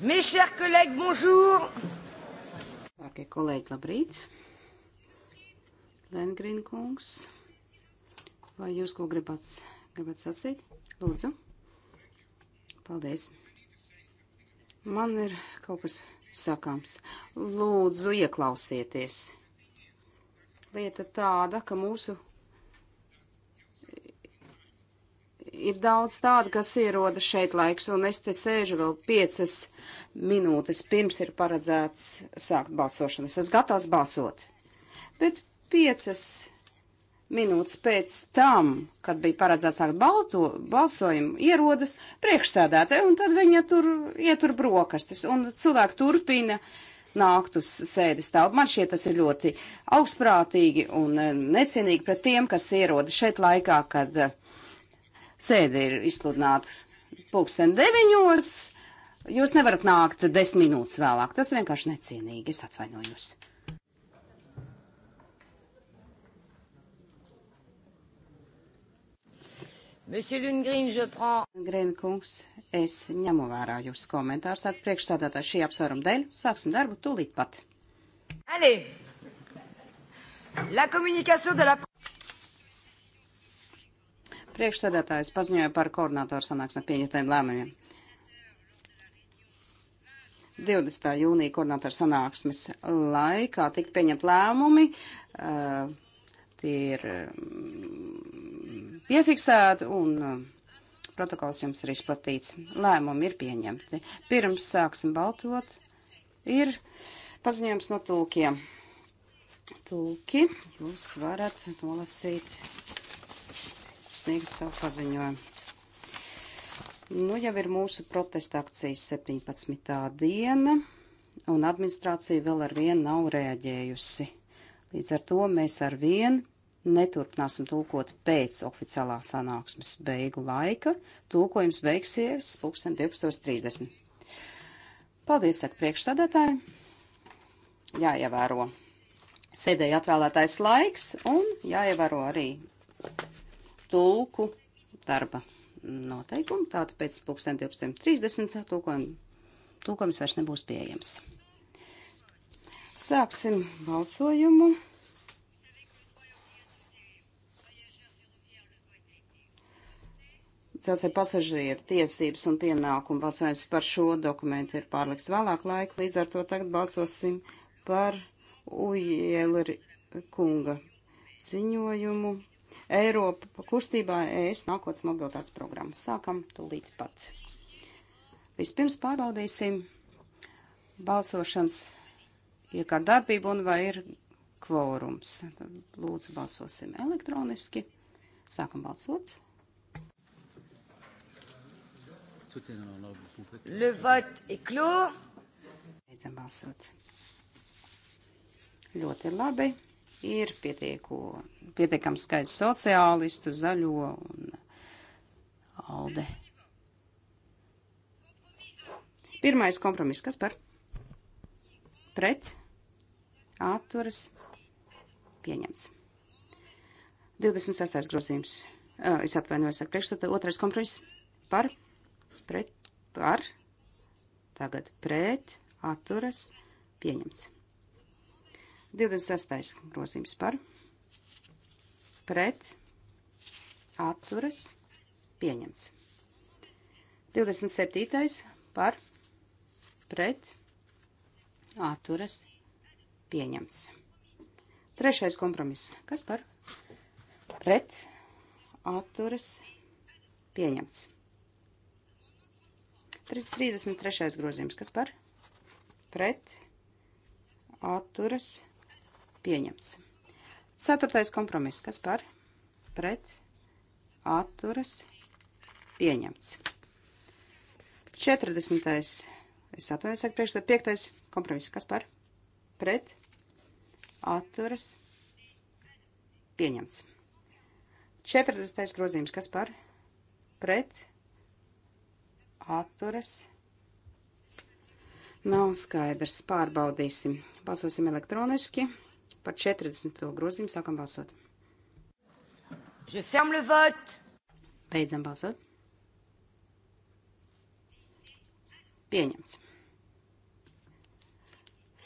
Mes chers collègues, bonjour! Labākie kolēģi, labrīt! Lengrīn kungs, vai jūs ko gribat, gribat sacīt? Lūdzu. Paldies. Man ir kaut kas sakāms. Lūdzu, ieklausieties. Lieta tāda, ka mūsu ir daudz tādu, kas ieroda šeit laiks, un es te sēžu vēl piecas minūtes pirms ir paredzēts sākt balsošanu. Es esmu gatavs balsot. Bet piecas minūtes pēc tam, kad bija paredzēts sākt balto, balsojumu, ierodas priekšsēdētāji, un tad viņa tur ietur brokastis, un cilvēki turpina nākt uz sēdes telpu. Man šķiet, tas ir ļoti augstprātīgi un necienīgi pret tiem, kas ierodas šeit laikā, kad uh, Sēde ir izsludināta pulksten deviņos. Jūs nevarat nākt desmit minūtes vēlāk. Tas vienkārši necienīgi. Es atvainojos. Monsieur Lundgren, je prends. Grēna kungs, es ņemu vērā jūsu komentāru, saka priekšsādātā šī apsvaruma dēļ. Sāksim darbu tūlīt pat. Allez! La communication de la... Priekšsēdētājs paziņoja par koordinātoru sanāksmē pieņemtiem lēmumiem. 20. jūnija koordinātoru sanāksmes laikā tika pieņemt lēmumi. Uh, tie ir mm, piefiksēti un eh, protokols jums ir izplatīts. Lēmumi ir pieņemti. Pirms sāksim baltot, ir paziņojums no tulkiem. Tulki, jūs varat nolasīt sniegt savu paziņojumu. Nu, jau ir mūsu protesta akcijas 17. diena, un administrācija vēl ar vienu nav rēģējusi. Līdz ar to mēs ar vienu neturpināsim tulkot pēc oficiālā sanāksmes beigu laika. Tulkojums beigsies 12.30. Paldies, saka priekšsādātāji. Jāievēro sēdēja atvēlētais laiks un jāievēro arī tulku darba noteikumi, tātad pēc 12.30 tulkojums vairs nebūs pieejams. Sāksim balsojumu. Celsē pasažieru tiesības un pienākumu balsojums par šo dokumentu ir pārliks vēlāk laika, līdz ar to tagad balsosim par Ujēleri kunga ziņojumu Eiropa kustībā ES nākotnes mobilitātes programmu. Sākam tūlīt pat. Vispirms pārbaudīsim balsošanas iekārt darbību un vai ir kvorums. Lūdzu, balsosim elektroniski. Sākam balsot. Le vote est clos. Beidzam balsot. Ļoti labi ir pietieko, pietiekams skaits sociālistu, zaļo un alde. Pirmais kompromiss, kas par? Pret, atturas, pieņemts. 26. grozījums. Es atvainojos, saka priekšstata. Otrais kompromiss par, pret, par, tagad pret, atturas, pieņemts. 26. grozījums par pret atturas pieņemts. 27. par pret atturas pieņemts. Trešais kompromiss. Kas par pret atturas pieņemts? 33. grozījums. Kas par pret atturas pieņemts? Pieņemts. Ceturtais kompromiss. Kas par? Pret. Atturas. Pieņemts. 40. Es atvainojos, saka priekšstādā. Piektais kompromiss. Kas par? Pret. Atturas. Pieņemts. 40. grozījums. Kas par? Pret. Atturas. Nav skaidrs. Pārbaudīsim. Balsosim elektroniski. 40 par 40. grozījumu sākam balsot. Je ferme le vote. Beidzam balsot. Pieņemts.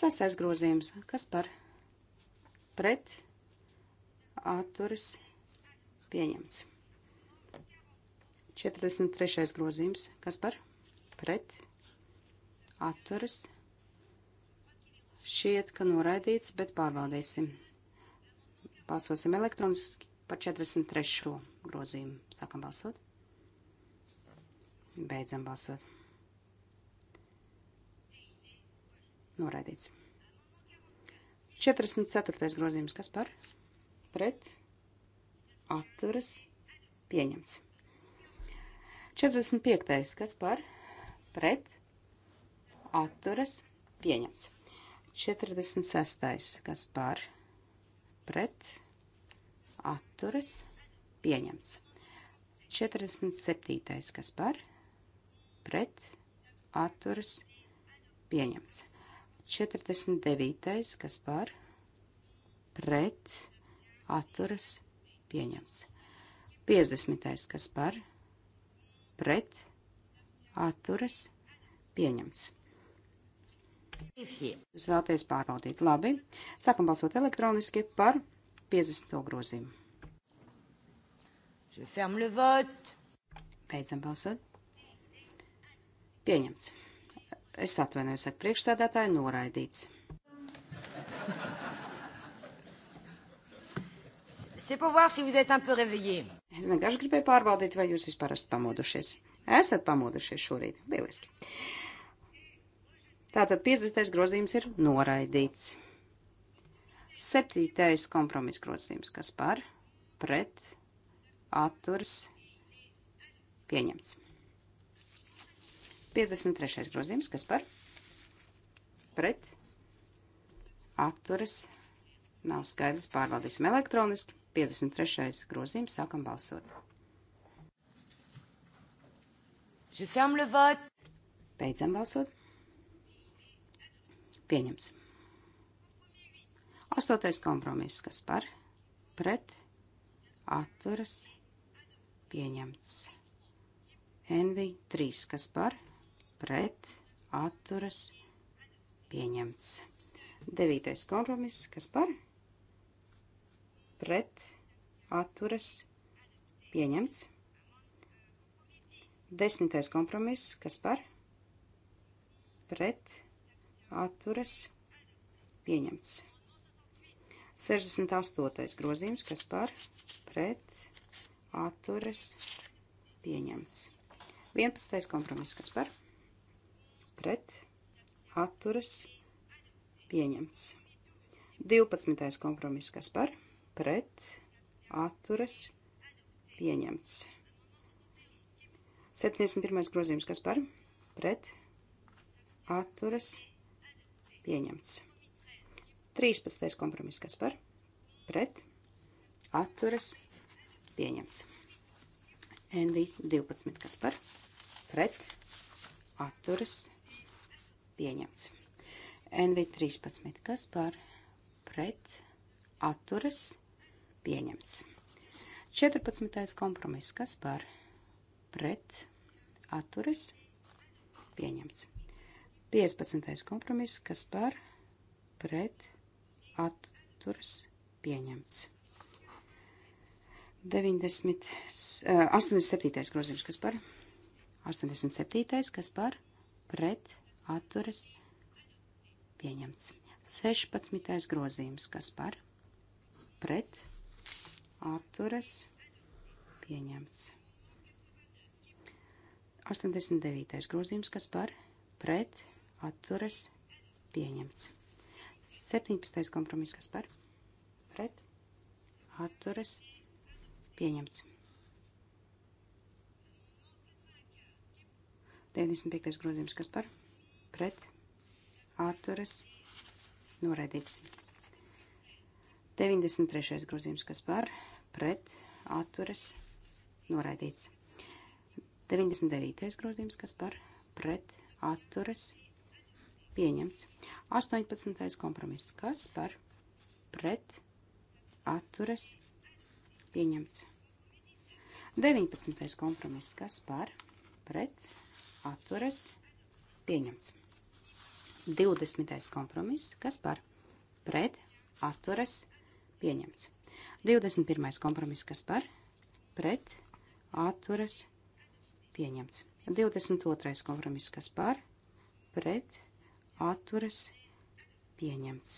Sastais grozījums. Kas par? Pret. Atturis. Pieņemts. 43. grozījums. Kas par? Pret. Atturis. Pieņemts Šiet, ka noraidīts, bet pārbaudīsim. Balsosim elektroniski par 43. grozījumu. Sākam balsot. Beidzam balsot. Noraidīts. 44. grozījums. Kas par? Pret. Atturas. Pieņems. 45. Kas par? Pret. Atturas. Pieņems. 46. kas par pret atturas pieņemts. 47. kas par pret atturas pieņemts. 49. kas par pret atturas pieņemts. 50. kas par pret atturas pieņemts. Jūs vēlaties pārbaudīt. Labi. Sākam balsot elektroniski par 50. grozījumu. Je ferme le vote. Beidzam balsot. Pieņemts. Es atvainojos, saka priekšsēdētāji, noraidīts. C'est pour voir si vous êtes un peu réveillé. Es vienkārši gribēju pārbaudīt, vai jūs vispār esat pamodušies. Esat pamodušies šorīt. Lieliski. Tātad 50. grozījums ir noraidīts. 7. kompromis grozījums, kas par pret atturs pieņemts. 53. grozījums, kas par pret atturas nav skaidrs, pārvaldīsim elektroniski. 53. grozījums, sākam balsot. Je ferme le vote. Beidzam balsot. Pieņems. Astotais kompromiss, kas par, pret, atturas, pieņemts. NV 3, kas par, pret, atturas, pieņemts. Devītais kompromiss, kas par, pret, atturas, pieņemts. Desmitais kompromiss, kas par, pret, atturas, pieņemts atturas pieņemts. 68. grozījums, kas par pret atturas pieņemts. 11. kompromiss, kas par pret atturas pieņemts. 12. kompromiss, kas par pret atturas pieņemts. 71. grozījums, kas par pret atturas pieņemts pieņemts. 13. kompromiss, kas par, pret, atturas, pieņemts. NV 12, kas par, pret, atturas, pieņemts. NV 13, kas par, pret, atturas, pieņemts. 14. kompromiss, kas par, pret, atturas, pieņemts. 15. kompromiss, kas par pret atturas pieņemts. 90, 87. Eh, grozījums, kas par 87. kas par pret atturas pieņemts. 16. grozījums, kas par pret atturas pieņemts. 89. grozījums, kas par pret atturas pieņemts. 17. kompromiss, kas par pret atturas pieņemts. 95. grozījums, kas par pret atturas noraidīts. 93. grozījums, kas par pret atturas noraidīts. 99. grozījums, kas par pret atturas noraidīts pieņemts. 18. kompromiss. Kas par pret atturas pieņemts. 19. kompromiss. Kas par pret atturas pieņemts. 20. kompromiss. Kas par pret atturas pieņemts. 21. kompromiss. Kas par pret atturas pieņemts. 22. kompromiss. Kas par pret atturas pieņemts. 22. kompromiss. Kas par pret atturas pieņemts atturas pieņemts.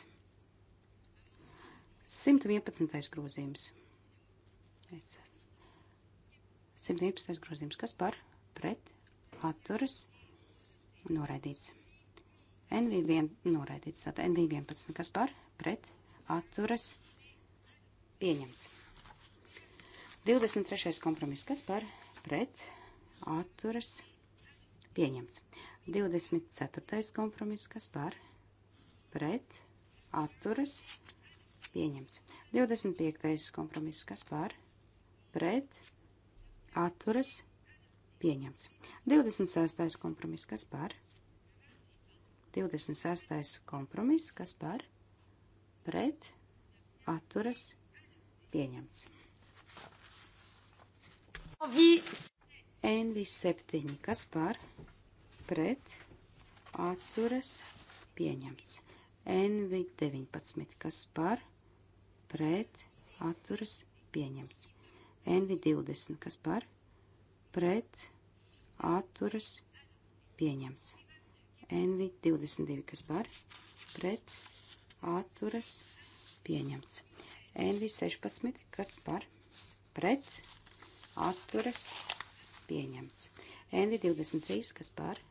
111. grozījums. 111. grozījums. Kas par pret atturas noraidīts? NV1 noraidīts. Tātad NV11. Kas par pret atturas pieņemts? 23. kompromiss. Kas par pret atturas pieņemts? 24. kompromiss, kas par pret atturas pieņems. 25. kompromiss, kas par pret atturas pieņems. 26. kompromiss, kas par 26. kompromiss, kas par pret atturas pieņems. NV7, kas par pret pret atturas pieņemts. NV 19, kas par pret atturas pieņemts. NV 20, kas par pret atturas pieņemts. NV 22, kas par pret atturas pieņemts. NV 16, kas par pret atturas pieņemts. NV 23, kas par pret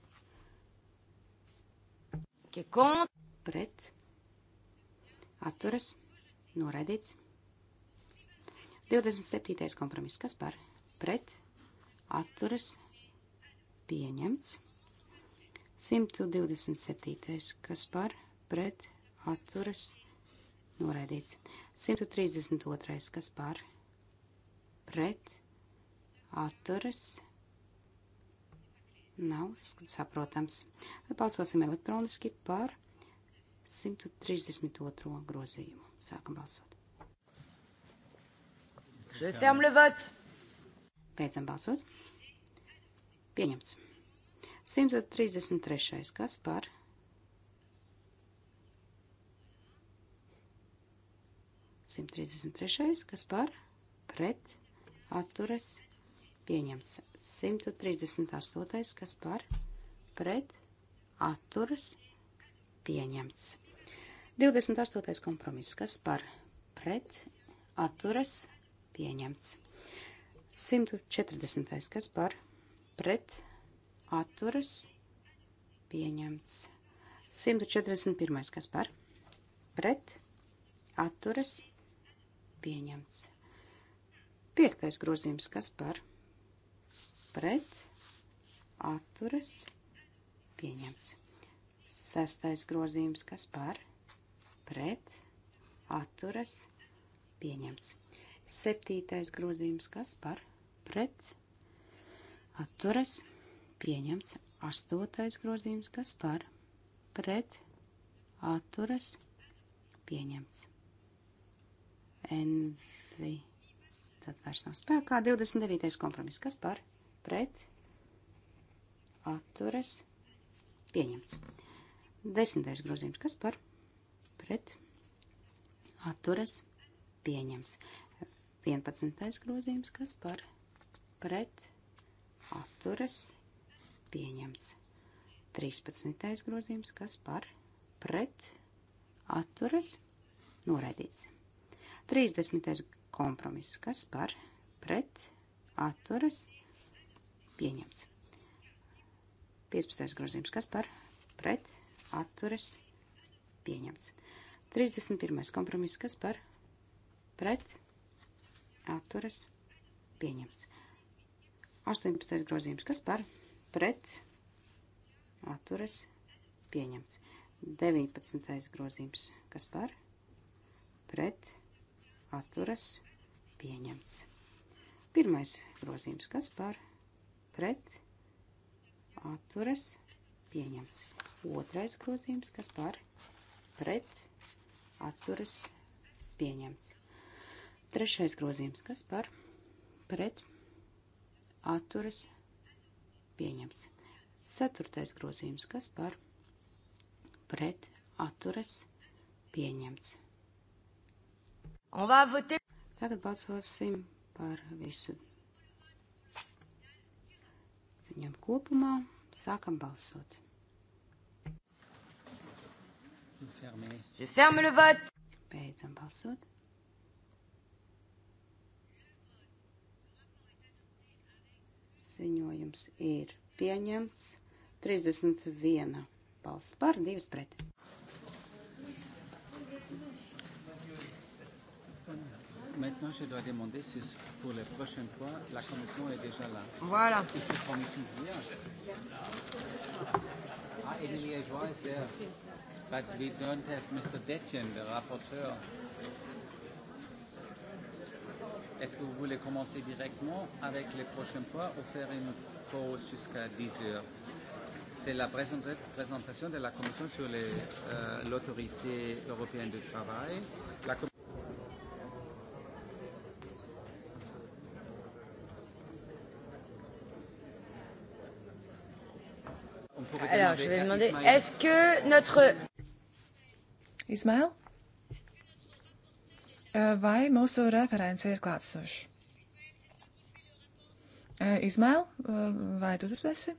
Qui est contre? Pret. Atturas. Noraidīts. 27. kompromiss. Kas par? Pret. Atturas. Pieņemts. 127. Kas par? Pret. Atturas. Noraidīts. 132. Kas par? Pret. Atturas. Noraidīts nav saprotams. Balsosim elektroniski par 132. grozījumu. Sākam balsot. Je ferme le vote. Beidzam balsot. Pieņemts. 133. Kas par? Simt trīsdesmit trešais, kas par pret atturas pieņemts 138. kas par pret atturas pieņemts. 28. kompromiss, kas par pret atturas pieņemts. 140. kas par pret atturas pieņemts. 141. kas par pret atturas pieņemts. Piektais grozījums, kas par pret pret atturas pieņems. Sestais grozījums, kas par pret atturas pieņems. Septītais grozījums, kas par pret atturas pieņems. Astotais grozījums, kas par pret atturas pieņems. Envi. Tad vairs nav spēkā. 29. kompromiss. Kas par? pret, atturas, pieņemts. Desmitais grozījums, kas par, pret, atturas, pieņemts. Vienpadsmitais grozījums, kas par, pret, atturas, pieņemts. Trīspadsmitais grozījums, kas par, pret, atturas, noraidīts. Trīsdesmitais kompromiss, kas par, pret, atturas, pieņemts pieņemts. 15. grozījums, kas par pret atturas pieņemts. 31. kompromiss, kas par pret atturas pieņemts. 18. grozījums, kas par pret atturas pieņemts. 19. grozījums, kas par pret atturas pieņemts. Pirmais grozījums, kas par pret pret atturas pieņemts. Otrais grozījums, kas par pret atturas pieņemts. Trešais grozījums, kas par pret atturas pieņemts. Ceturtais grozījums, kas par pret atturas pieņemts. Tagad balsosim par visu viņam kopumā. Sākam balsot. Beidzam balsot. Ziņojums ir pieņemts 31 balss par 2 pret. Maintenant, je dois demander si pour les prochains points, la commission est déjà là. Voilà. Ah, il faut qu'on hier. Ah, and Liégeois is there. But we don't have Mr. Detjen, le rapporteur. Est-ce que vous voulez commencer directement avec les prochains points ou faire une pause jusqu'à 10 heures C'est la présentation de la Commission sur euh, l'autorité euh, européenne du travail. La Alors, je vais demander, est-ce que notre... Ismail? Euh, vai mūsu referents ir klātsoši? Izmēl, vai tu tas esi?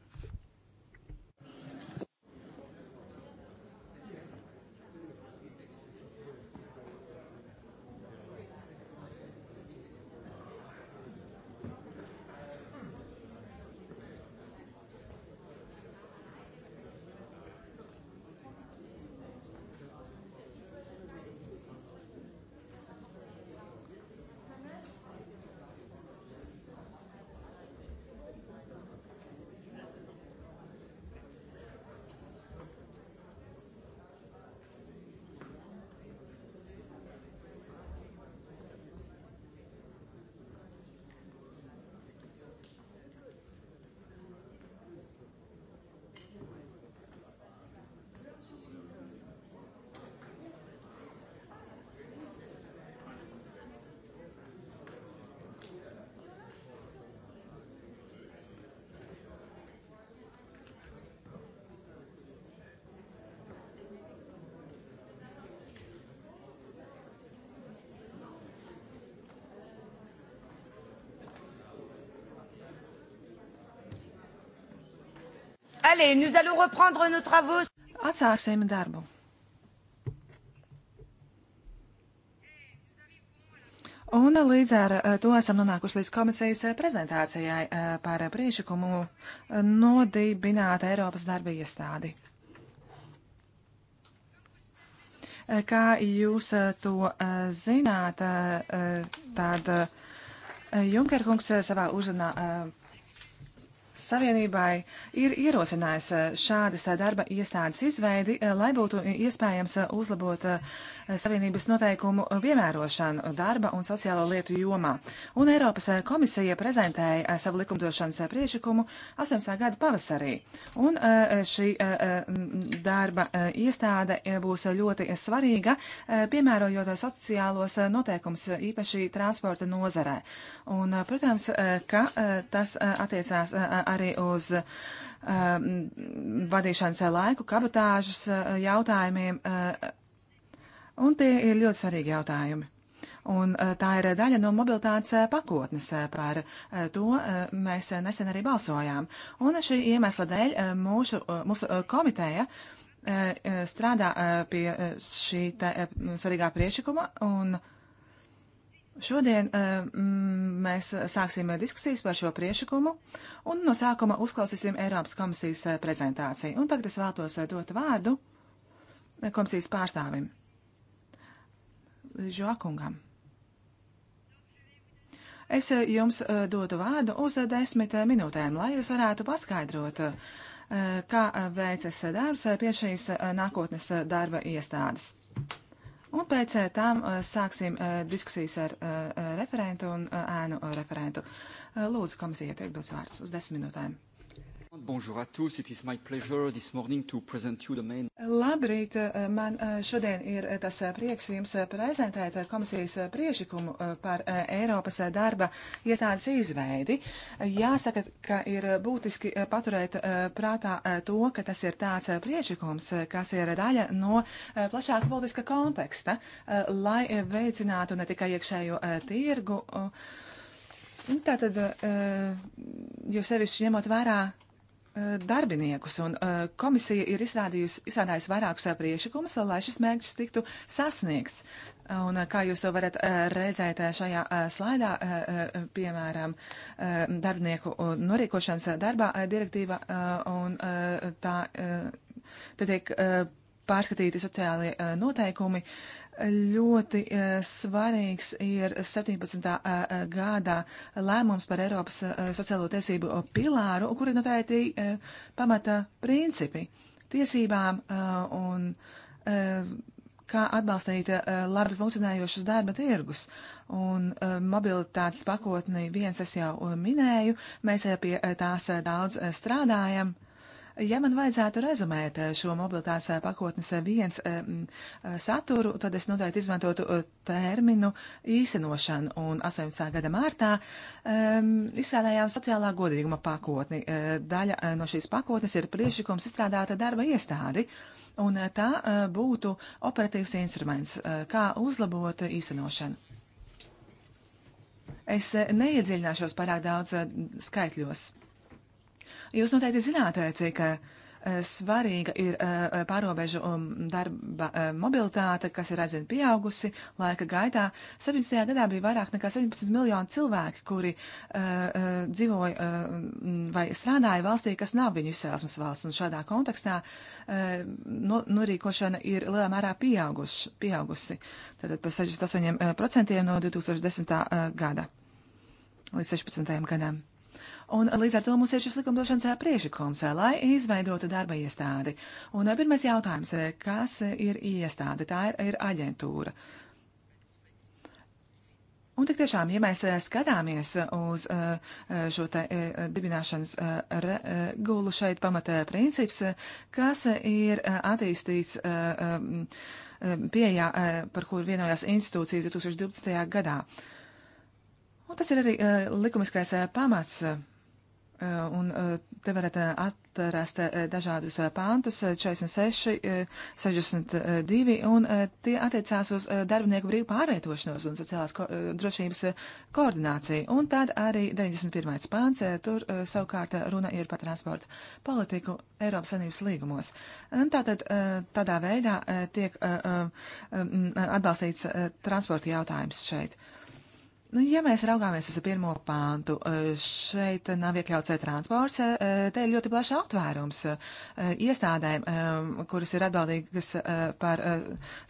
Allez, nous allons reprendre nos travaux. Atsāksim darbu. Un līdz ar eh, to esam nonākuši līdz komisijas eh, prezentācijai eh, par priekšlikumu nodibināt Eiropas darba iestādi. Kā jūs to zināt, tad Junkerkungs savā uzrunā Savienībai ir ierosinājis eh, šādas eh, darba iestādes izveidi, eh, lai būtu iespējams uzlabot Savienības noteikumu piemērošanu darba un sociālo lietu jomā. Un Eiropas komisija prezentēja savu likumdošanas priešakumu 18. gada pavasarī. Un šī darba iestāde būs ļoti svarīga, piemērojot sociālos noteikumus īpaši transporta nozarē. Un, protams, ka tas attiecās arī arī uz um, vadīšanas laiku, kabatāžas uh, jautājumiem, uh, un tie ir ļoti svarīgi jautājumi. Un uh, tā ir daļa no mobilitātes pakotnes, par to mēs nesen arī balsojām. Un šī iemesla dēļ mūsu, mūsu komiteja strādā pie šī svarīgā priekšlikuma, un Šodien um, mēs sāksim diskusijas par šo priešakumu un no sākuma uzklausīsim Eiropas komisijas eh, prezentāciju. Un tagad es vēlos eh, dot vārdu komisijas pārstāvim Žokungam. Es jums dotu vārdu uz desmit minūtēm, lai jūs varētu paskaidrot, kā veicas darbs pie šīs nākotnes darba iestādes. Un pēc eh, tam eh, sāksim eh, diskusijas ar referentu un ēnu referentu. Lūdzu, komisija tiek dots vārds uz desmit minūtēm. Bonjour à tous. It is my pleasure this morning to present you the main. Labrīt, eh, man eh, šodien ir eh, tas prieks jums prezentēt komisijas priešikumu par Eiropas darba iestādes izveidi. Jāsaka, ka ir būtiski paturēt prātā to, ka tas ir tāds priešikums, kas ir daļa no plašāka politiska konteksta, lai veicinātu ne tikai iekšējo tirgu, tātad, jo sevišķi ņemot vērā Eh, darbiniekus, un eh, komisija ir izstrādājusi vairākus eh, priekšlikumus, lai šis mērķis tiktu sasniegts. Un kā jūs to varat redzēt šajā slaidā, piemēram, darbinieku norīkošanas darbā direktīva, un tā, tā tiek pārskatīti sociālie noteikumi, uh, Ļoti e, svarīgs ir 17. E, e, gadā lēmums par Eiropas sociālo tiesību pilāru, kur ir noteikti pamata principi tiesībām un kā atbalstīt labi funkcionējošus darba tirgus. Un mobilitātes pakotni viens es jau minēju, mēs pie tās daudz strādājam Ja man vajadzētu rezumēt eh, šo mobilitātes eh, pakotnes eh, viens saturu, tad es noteikti izmantotu terminu īsenošanu. Un 18. gada mārtā um, ehm, izstrādājām sociālā godīguma pakotni. Daļa no šīs pakotnes ir priekšlikums izstrādāta darba iestādi. Un tā būtu operatīvs instruments, kā uzlabot īsenošanu. Es neiedziļināšos pārāk daudz skaitļos. Jūs noteikti zināt, cik eh, svarīga ir eh, pārobežu um, darba eh, mobilitāte, kas ir aizvien pieaugusi laika gaitā. 17. gadā bija vairāk nekā 17 miljoni cilvēki, kuri uh, dzīvoja uh, vai strādāja valstī, kas nav viņu izcelsmes valsts. Un šādā kontekstā uh, no, norīkošana ir lielā mērā pieauguš, pieaugusi. Tātad par 68% no 2010. gada līdz 16. gadam. Un līdz ar to mums ir šis likumdošanas priešakums, lai izveidotu darba iestādi. Un eh, pirmais jautājums, eh, kas eh, ir iestāde? Tā ir, ir aģentūra. Un tik tiešām, ja mēs skatāmies uz šo te dibināšanas regulu šeit pamata princips, kas ir attīstīts pieejā, par kuru vienojās institūcijas 2012. gadā. Un tas ir arī likumiskais pamats Eh, un eh, te varat eh, atrast dažādus pāntus - 46, 62, un tie attiecās uz darbinieku brīvu pārvietošanos un sociālās ko drošības koordināciju. Un tad arī 91. pāns, tur savukārt runa ir par transportu politiku Eiropas Sanības līgumos. Un tātad tādā veidā tiek atbalstīts transporta jautājums šeit. Nu, ja mēs raugāmies uz pirmo pāntu, e, šeit nav iekļauts e, transports, e, te ir ļoti plašs aptvērums iestādēm, kuras ir atbildīgas par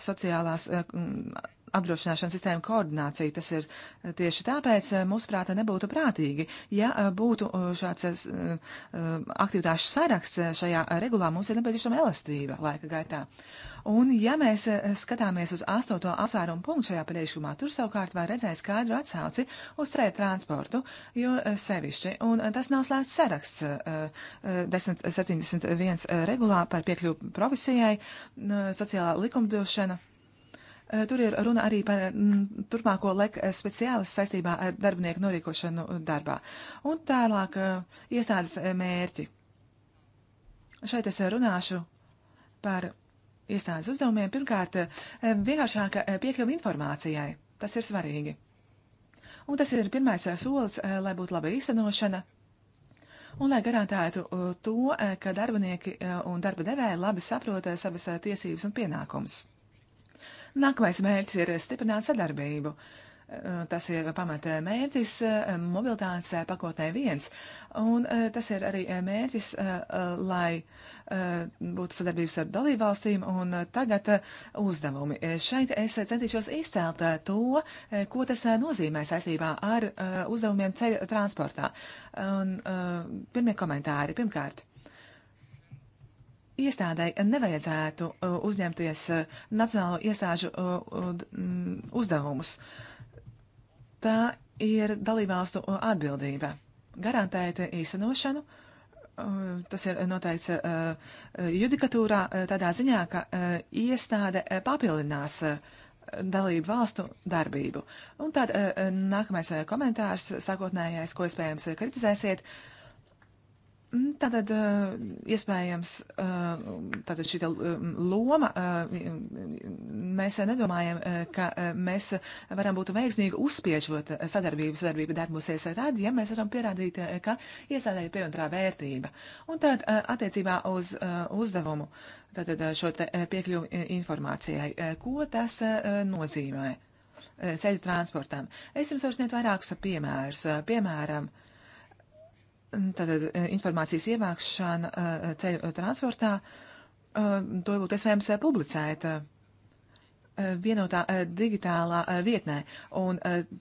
sociālās apdrošināšanas sistēmu koordināciju. Tas ir eh, tieši tāpēc, eh, mūsuprāt, nebūtu prātīgi. Ja eh, būtu šāds aktivitāšu saraksts šajā regulā, mums ir nepieciešama elastība laika gaitā. Un, ja mēs skatāmies uz astoto apsvērumu punktu šajā priekšlikumā, tur savukārt var redzēt skaidru atsauci uz ceļu transportu, jo sevišķi, un tas nav slēgts saraksts 1071 regulā par piekļuvu profesijai, sociālā likumdošana. Eh, tur ir runa arī par mm, turpmāko lek eh, speciālis saistībā ar darbinieku norīkošanu darbā. Un tālāk eh, iestādes mērķi. Šeit es runāšu par iestādes uzdevumiem. Pirmkārt, vienkāršāka piekļuva informācijai. Tas ir svarīgi. Un tas ir pirmais solis, lai būtu laba īstenošana un lai garantētu to, ka darbinieki un darba devēji labi saprot savas tiesības un pienākumus. Nākamais mērķis ir stiprināt sadarbību. Eh, tas ir pamata mērķis eh, mobilitātes eh, pakotē viens, un tas ir arī mērķis, lai būtu sadarbības ar dalībvalstīm un tagad uzdevumi. Šeit es centīšos izcelt to, ko tas nozīmē saistībā ar uzdevumiem ceļa transportā. Un, pirmie komentāri. Pirmkārt iestādai nevajadzētu uh, uzņemties uh, nacionālo iestāžu uh, mm, uzdevumus. Tā ir dalībvalstu atbildība. Garantēt īstenošanu tas ir noteikts judikatūrā tādā ziņā, ka iestāde papildinās dalību valstu darbību. Un tad nākamais komentārs, sākotnējais, ko iespējams kritizēsiet, Mm, tātad eh, iespējams eh, tātad šī mm, loma, eh, mēs nedomājam, ka mēs varam būt veiksmīgi uzspiežot sadarbību. Sadarbība darbosies tad, ja mēs varam pierādīt, ka iesādēja pievienotā vērtība. Un tad attiecībā uz uzdevumu, tātad šo piekļuvu informācijai, ko tas nozīmē ceļu transportam. Es jums varu sniegt vairākus piemērus. Piemēram, tātad e, informācijas ievākšana e, ceļu e, transportā, to būtu iespējams publicēt vienotā digitālā vietnē, un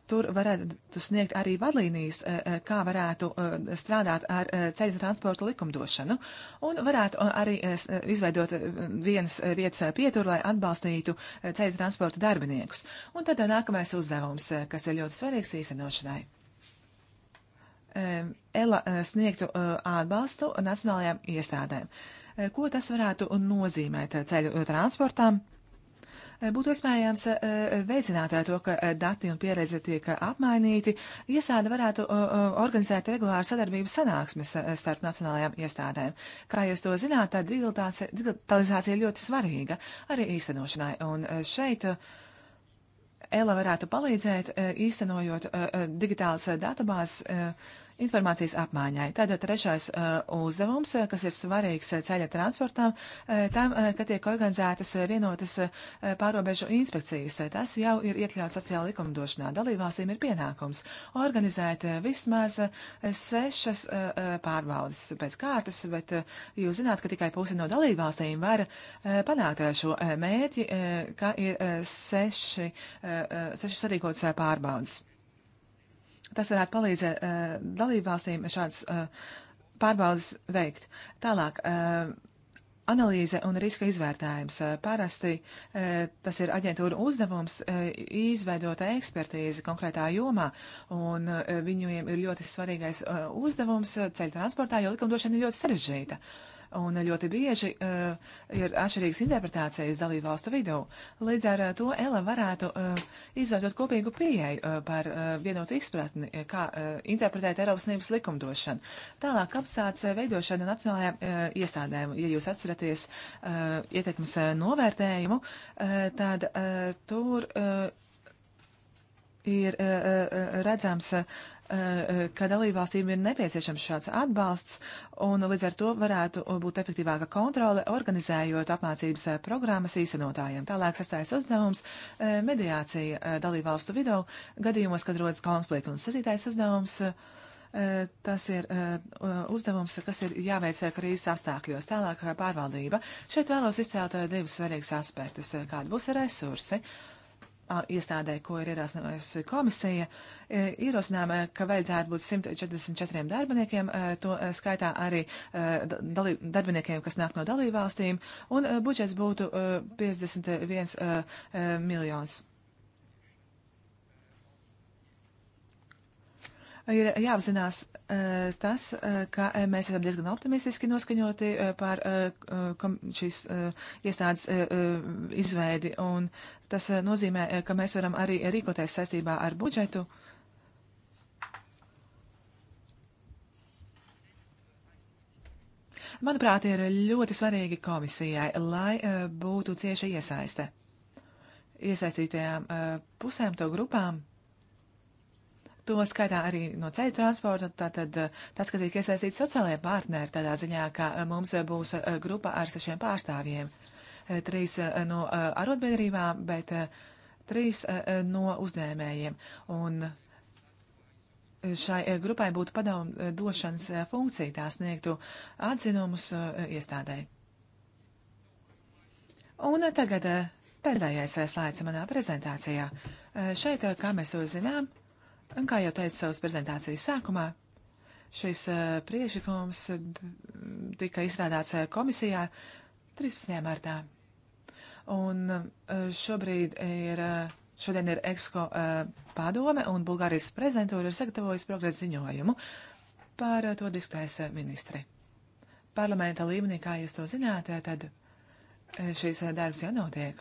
tur varētu sniegt arī vadlīnijas, kā varētu strādāt ar ceļu transporta likumdošanu, un varētu arī izveidot vienas vietas pieturu, lai atbalstītu ceļu transporta darbiniekus. Un tad nākamais uzdevums, kas ir ļoti svarīgs īstenošanai. Um, ELA uh, sniegtu uh, atbalstu nacionālajām iestādēm. Uh, ko tas varētu nozīmēt ceļu transportām? Būtu iespējams veicināt to, ka dati un pieredze tiek apmainīti. Iestāde varētu organizēt regulāru sadarbību sanāksmes starp nacionālajām iestādēm. Kā jūs to zināt, tā digitalizācija ir ļoti svarīga arī īstenošanai. Un šeit Ela varētu palīdzēt īstenojot digitālas datubāzes informācijas apmaiņai. Tātad trešais uh, uzdevums, uh, kas ir svarīgs uh, ceļa transportām, uh, tam, uh, ka tiek organizētas uh, vienotas uh, pārobežu inspekcijas. Tas jau ir iekļauts sociāla likumdošanā. Dalībvalstīm ir pienākums organizēt uh, vismaz uh, sešas uh, pārbaudas pēc kārtas, bet uh, jūs zināt, ka tikai pusi no dalībvalstīm var uh, panākt šo uh, mērķi, uh, ka ir uh, seši, uh, sešas sarīkotas uh, pārbaudas. Tas varētu palīdzēt uh, dalībvalstīm šādas uh, pārbaudas veikt. Tālāk. Uh, Analīze un riska izvērtējums. Parasti tas ir aģentūra uzdevums izveidot ekspertīzi konkrētā jomā, un viņiem ir ļoti svarīgais uzdevums ceļu transportā, jo likumdošana ir ļoti sarežģīta. Uh, un ļoti bieži uh, ir atšķirīgas interpretācijas dalību valstu vidū. Līdz ar eh, to ELA varētu uh, eh, izvērtot kopīgu pieeju uh, par uh, vienotu izpratni, kā uh, interpretēt Eiropas Savienības likumdošanu. Tālāk apsāts uh, veidošana nacionālajām uh, iestādēm. Ja jūs atceraties uh, ietekmes uh, novērtējumu, uh, tad uh, tur. Uh, ir uh, redzams uh, Eh, eh, ka dalībvalstīm ir nepieciešams šāds atbalsts, un līdz ar to varētu būt efektīvāka kontrole, organizējot apmācības eh, programmas īstenotājiem. Tālāk sastais uzdevums - mediācija dalībvalstu vidū gadījumos, kad rodas konflikti, un septītais uzdevums tas ir uzdevums, kas ir jāveic krīzes apstākļos. Tālāk pārvaldība. Šeit vēlos izcelt divus svarīgus aspektus. Kādi būs resursi? Uh, iestādē, ko ir ierosinājusi komisija, e, ierosinām, ka vajadzētu būt 144 darbiniekiem, e, to e, skaitā arī dalī, darbiniekiem, kas nāk no dalībvalstīm, un budžets būtu 51 miljonus. ir jāapzinās eh, tas, eh, ka eh, mēs esam diezgan optimistiski noskaņoti par šīs iestādes izveidi, un tas nozīmē, ka mēs varam arī rīkoties saistībā ar budžetu. Manuprāt, ir ļoti svarīgi komisijai, lai būtu cieši iesaiste. Iesaistītajām pusēm, to grupām To skaitā arī no ceļu transporta, tātad eh, tas, ka tiek iesaistīti sociālajie partneri, tādā ziņā, ka eh, mums eh, būs grupa ar sešiem pārstāvjiem. Trīs no arotbiedrībām, bet trīs no uzņēmējiem. Un šai grupai būtu padomu došanas funkcija, tā sniegtu atzinumus iestādē. Un tagad pēdējais slaids manā prezentācijā. Šeit, kā mēs to zinām, Un kā jau teicu savas prezentācijas sākumā, šis uh, priešlikums uh, tika izstrādāts uh, komisijā 13. martā. Un šobrīd ir, šodien ir EXCO padome un Bulgārijas prezidentūra ir sagatavojusi progresa ziņojumu. Par to diskutēs ministri. Parlamenta līmenī, kā jūs to zināt, tad šīs darbs jau notiek.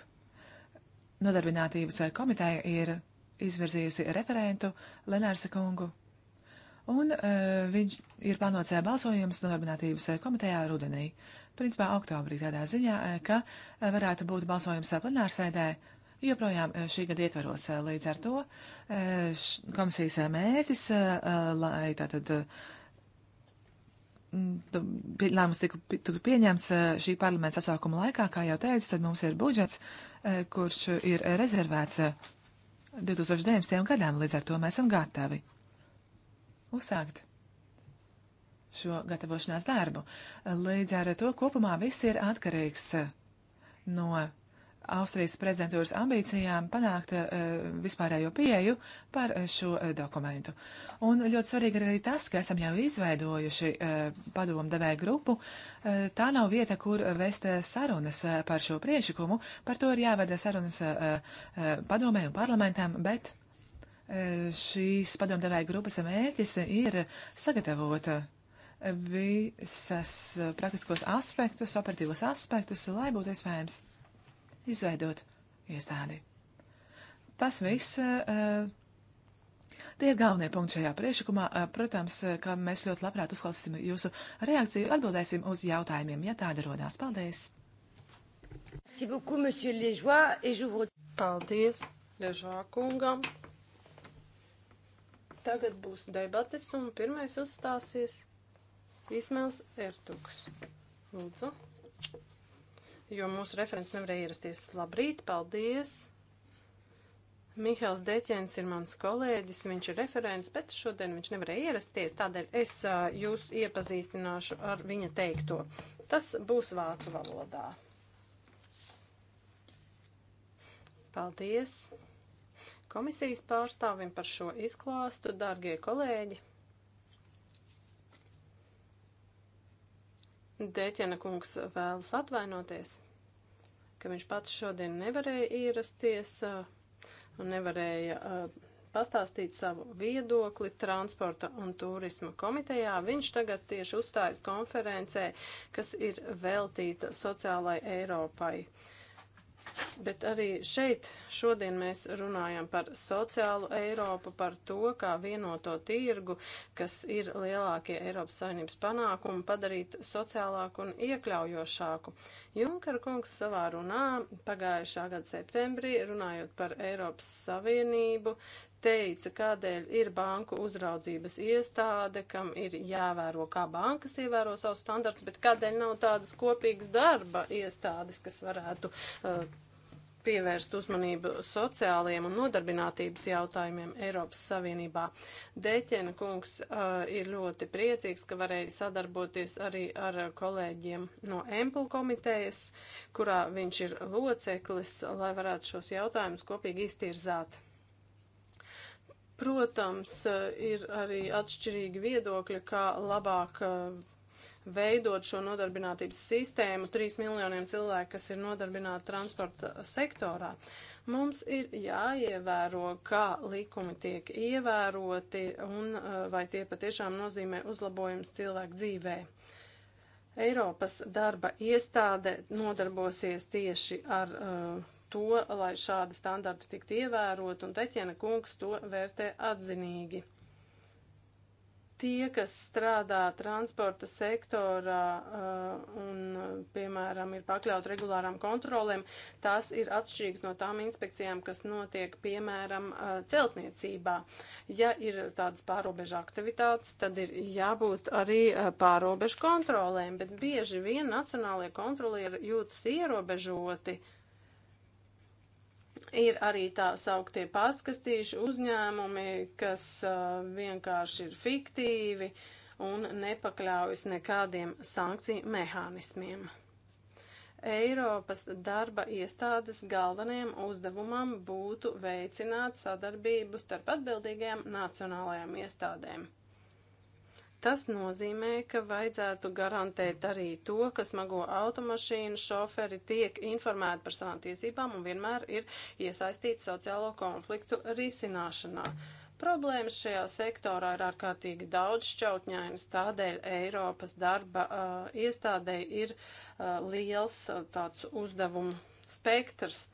Nodarbinātības komiteja ir izvirzījusi referentu Lenārsa kungu. Un uh, viņš ir plānots eh, balsojums nodarbinātības eh, komitejā rudenī. Principā oktobrī tādā ziņā, ka varētu būt balsojums plenārsēdē joprojām šī gada ietvaros. Līdz ar to komisijas mērķis, lai tātad lēmums tika pieņemts šī parlamenta sasaukuma laikā, kā jau teicu, tad mums ir budžets, kurš ir rezervēts 2019. gadām, līdz ar to mēs esam gatavi uzsākt šo gatavošanās darbu. Līdz ar to kopumā viss ir atkarīgs no Austrijas prezidentūras ambīcijām panākt uh, vispārējo pieeju par eh, šo uh, dokumentu. Un ļoti svarīgi ir arī tas, ka esam jau izveidojuši uh, padomu devēju grupu. Uh, tā nav vieta, kur vest uh, sarunas uh, par šo priešakumu. Par to ir jāvada sarunas uh, uh, padomē un parlamentam, bet uh, šīs padomu devēju grupas mērķis ir sagatavot. Uh, visas praktiskos aspektus, operatīvos aspektus, lai būtu iespējams izveidot iestādi. Tas viss. Eh, tie ir galvenie punkti šajā priekšlikumā. Eh, protams, eh, ka mēs ļoti labprāt uzklausīsim jūsu reakciju, atbildēsim uz jautājumiem, ja tāda rodās. Paldies! Paldies, Ležā kungam! Tagad būs debates, un pirmais uzstāsies Ismēls Ertuks. Lūdzu! jo mūsu referents nevarēja ierasties. Labrīt, paldies! Mihāls Deķēns ir mans kolēģis, viņš ir referents, bet šodien viņš nevarēja ierasties, tādēļ es uh, jūs iepazīstināšu ar viņa teikto. Tas būs vācu valodā. Paldies komisijas pārstāvim par šo izklāstu, dārgie kolēģi! Deķena kungs vēlas atvainoties, ka viņš pats šodien nevarēja ierasties uh, un nevarēja uh, pastāstīt savu viedokli transporta un turisma komitejā. Viņš tagad tieši uzstājas konferencē, kas ir veltīta sociālai Eiropai. Uh, Bet arī šeit šodien mēs runājam par sociālu Eiropu, par to, kā vienoto tirgu, kas ir lielākie Eiropas Savienības panākumi, padarīt sociālāku un iekļaujošāku. Junkar kungs savā runā pagājušā gada septembrī, runājot par Eiropas Savienību, teica, kādēļ ir banku uzraudzības iestāde, kam ir jāvēro, kā bankas ievēro savus standarts, bet kādēļ nav tādas kopīgas darba iestādes, kas varētu uh, pievērst uzmanību sociālajiem un nodarbinātības jautājumiem Eiropas Savienībā. Deķena kungs uh, ir ļoti priecīgs, ka varēja sadarboties arī ar kolēģiem no Empel komitejas, kurā viņš ir loceklis, lai varētu šos jautājumus kopīgi iztirzāt. Protams, eh, ir arī atšķirīgi viedokļi, kā labāk eh, veidot šo nodarbinātības sistēmu trīs miljoniem cilvēku, kas ir nodarbināti transporta sektorā. Mums ir jāievēro, kā likumi tiek ievēroti un eh, vai tie patiešām nozīmē uzlabojums cilvēku dzīvē. Eiropas darba iestāde nodarbosies tieši ar uh, to, lai šādi standarti tiktu ievērot, un Teķena kungs to vērtē atzinīgi. Tie, kas strādā transporta sektorā uh, un, piemēram, ir pakļaut regulārām kontrolēm, tās ir atšķirīgas no tām inspekcijām, kas notiek, piemēram, uh, celtniecībā. Ja ir tādas pārobežu aktivitātes, tad ir jābūt arī uh, pārobežu kontrolēm, bet bieži vien nacionālajie kontroli ir jūtas ierobežoti. Uh, Ir arī tā sauktie paskastījuši uzņēmumi, kas uh, vienkārši ir fiktīvi un nepakļaujas nekādiem sankciju mehānismiem. Eiropas darba iestādes galvenajam uzdevumam būtu veicināt sadarbību starp atbildīgajām nacionālajām iestādēm. Tas nozīmē, ka vajadzētu garantēt arī to, ka smago automašīnu šoferi tiek informēti par savām tiesībām un vienmēr ir iesaistīti sociālo konfliktu risināšanā. Problēmas šajā sektorā ir ārkārtīgi daudz šķautņainas, tādēļ Eiropas darba uh, iestādē ir uh, liels uh, tāds uzdevumu spektrs.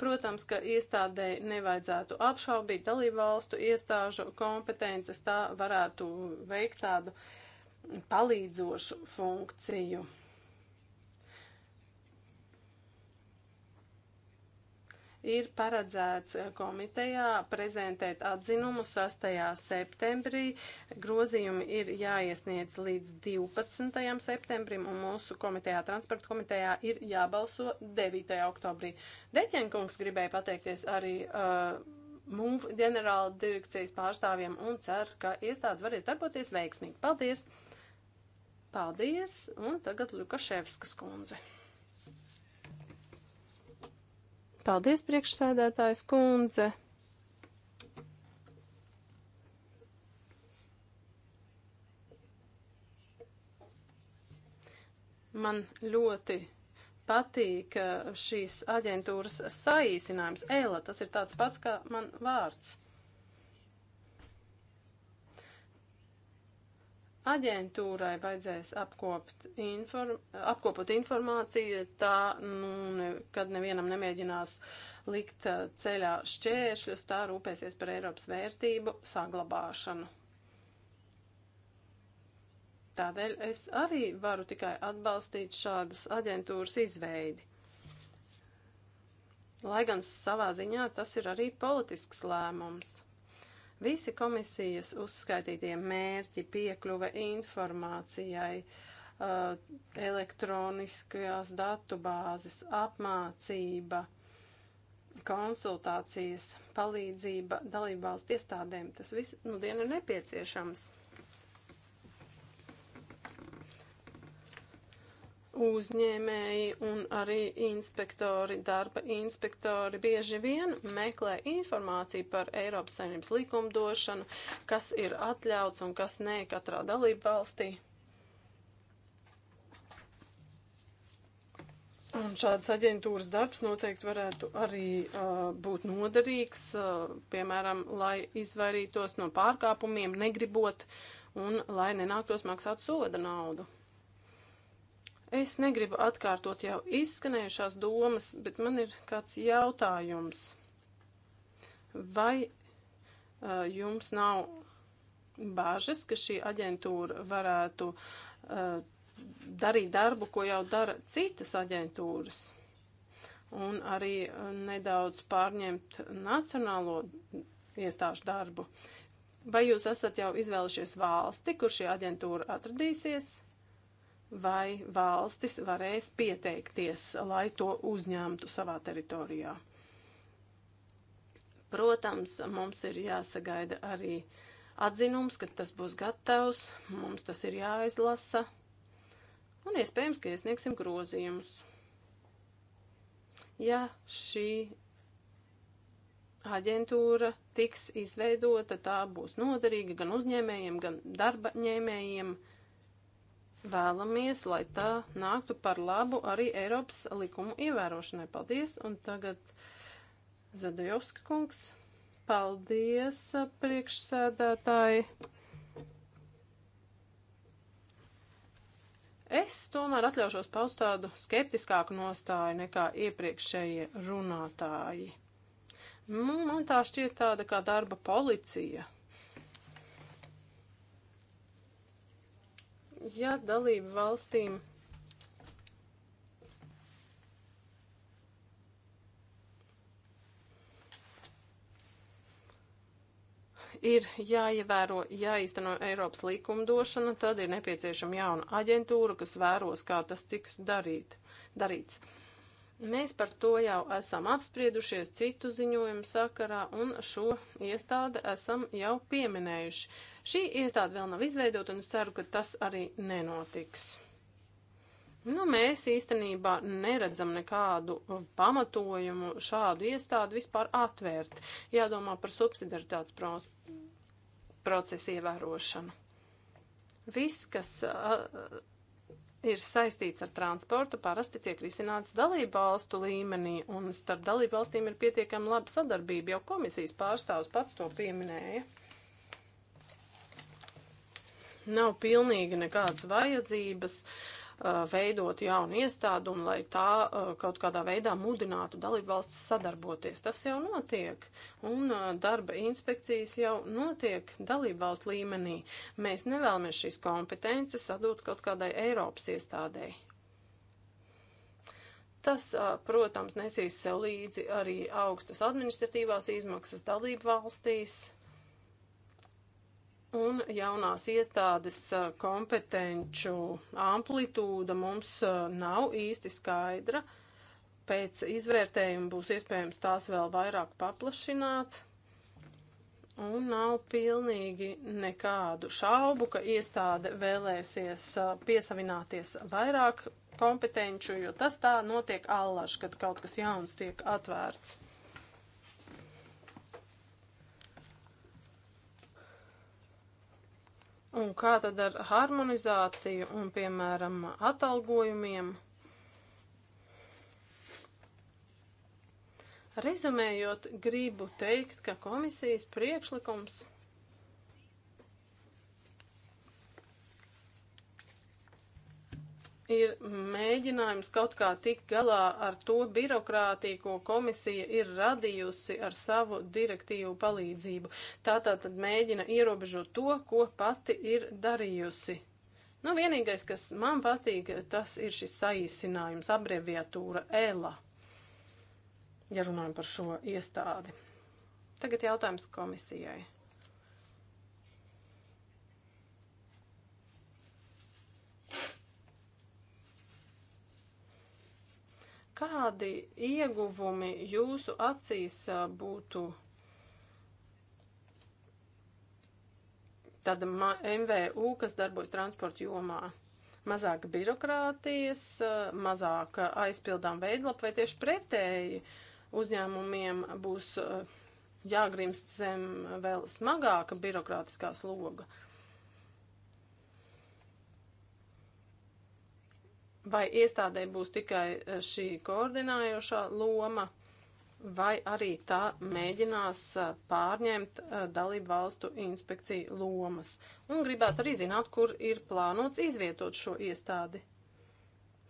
Protams, ka iestādē nevajadzētu apšaubīt dalību valstu iestāžu kompetences, tā varētu veikt tādu palīdzošu funkciju. ir paredzēts eh, komitejā prezentēt atzinumu 6. septembrī. Grozījumi ir jāiesniedz līdz 12. septembrim, un mūsu komitejā, transporta komitejā, ir jābalso 9. oktobrī. Deķenkungs gribēja pateikties arī. Uh, MUV ģenerāla direkcijas pārstāvjiem un cer, ka iestāde varēs darboties veiksmīgi. Paldies! Paldies! Un tagad Lukaševskas kundze. Paldies, priekšsēdētājs kundze. Man ļoti patīk uh, šīs aģentūras saīsinājums. Ēla, tas ir tāds pats kā man vārds. Aģentūrai vajadzēs apkopt inform, apkopot informāciju, tā nu, nekad nevienam nemēģinās likt eh, ceļā šķēršļus, tā rūpēsies par Eiropas vērtību saglabāšanu. Tādēļ es arī varu tikai atbalstīt šādas aģentūras izveidi. Lai gan savā ziņā tas ir arī politisks lēmums. Visi komisijas uzskaitītie mērķi piekļuve informācijai, uh, elektroniskajās datubāzes, apmācība, konsultācijas, palīdzība dalībvalstu iestādēm, tas viss nu dienu ir nepieciešams. uzņēmēji un arī inspektori, darba inspektori bieži vien meklē informāciju par Eiropas saimnības likumdošanu, kas ir atļauts un kas nē katrā dalību valstī. Un šāds aģentūras darbs noteikti varētu arī uh, būt noderīgs, uh, piemēram, lai izvairītos no pārkāpumiem, negribot un lai nenāktos maksāt soda naudu. Es negribu atkārtot jau izskanējušās domas, bet man ir kāds jautājums. Vai uh, jums nav bāžas, ka šī aģentūra varētu uh, darīt darbu, ko jau dara citas aģentūras? Un arī uh, nedaudz pārņemt nacionālo iestāžu darbu. Vai jūs esat jau izvēlušies valsti, kur šī aģentūra atradīsies? vai valstis varēs pieteikties, lai to uzņemtu savā teritorijā. Protams, mums ir jāsagaida arī atzinums, ka tas būs gatavs, mums tas ir jāizlasa, un iespējams, ka iesniegsim grozījumus. Ja šī aģentūra tiks izveidota, tā būs noderīga gan uzņēmējiem, gan darba ņēmējiem. Gan vēlamies, lai tā nāktu par labu arī Eiropas likumu ievērošanai. Paldies! Un tagad Zadajovska kungs. Paldies, priekšsēdētāji! Es tomēr atļaušos paust tādu skeptiskāku nostāju nekā iepriekšējie runātāji. Nu, man tā šķiet tāda kā darba policija. Ja dalību valstīm ir jāievēro, jāīsteno Eiropas likumdošana, tad ir nepieciešama jauna aģentūra, kas vēros, kā tas tiks darīt, darīts. Mēs par to jau esam apspriedušies citu ziņojumu sakarā un šo iestādi esam jau pieminējuši. Šī iestāde vēl nav izveidota un es ceru, ka tas arī nenotiks. Nu, mēs īstenībā neredzam nekādu pamatojumu šādu iestādi vispār atvērt. Jādomā par subsidaritātes pro procesu ievērošanu. Viss, kas uh, ir saistīts ar transportu, parasti tiek risināts dalību valstu līmenī, un starp dalību valstīm ir pietiekami laba sadarbība, jau komisijas pārstāvs pats to pieminēja. Uh, Nav pilnīgi nekādas vajadzības uh, veidot jaunu iestādu un lai tā uh, kaut kādā veidā mudinātu dalību valsts sadarboties. Tas jau notiek. Un uh, darba inspekcijas jau notiek dalību valsts līmenī. Mēs nevēlamies šīs kompetences sadot kaut kādai Eiropas iestādēji. Tas, protams, nesīs sev līdzi arī augstas administratīvās izmaksas dalību valstīs un jaunās iestādes kompetenču amplitūda mums nav īsti skaidra. Pēc izvērtējuma būs iespējams tās vēl vairāk paplašināt. Un nav pilnīgi nekādu šaubu, ka iestāde vēlēsies piesavināties vairāk kompetenču, jo tas tā notiek allaž, kad kaut kas jauns tiek atvērts. Un kā tad ar harmonizāciju un, piemēram, atalgojumiem? Rezumējot, gribu teikt, ka komisijas priekšlikums – ir mēģinājums kaut kā tikt galā ar to birokrātiju, ko komisija ir radījusi ar savu direktīvu palīdzību. Tātad tad mēģina ierobežot to, ko pati ir darījusi. Nu, vienīgais, kas man patīk, tas ir šis saīsinājums, abreviatūra ELA, ja runājam par šo iestādi. Tagad jautājums komisijai. Kādi ieguvumi jūsu acīs būtu tad MVU, kas darbojas transporta jomā? Mazāk birokrātijas, mazāk aizpildām veidlap vai tieši pretēji uzņēmumiem būs jāgrimst zem vēl smagāka birokrātiskā sloga. Uh, vai iestādē būs tikai eh, šī koordinējošā loma, vai arī tā mēģinās eh, pārņemt eh, dalību valstu inspekciju lomas. Un gribētu arī zināt, kur ir plānots izvietot šo iestādi.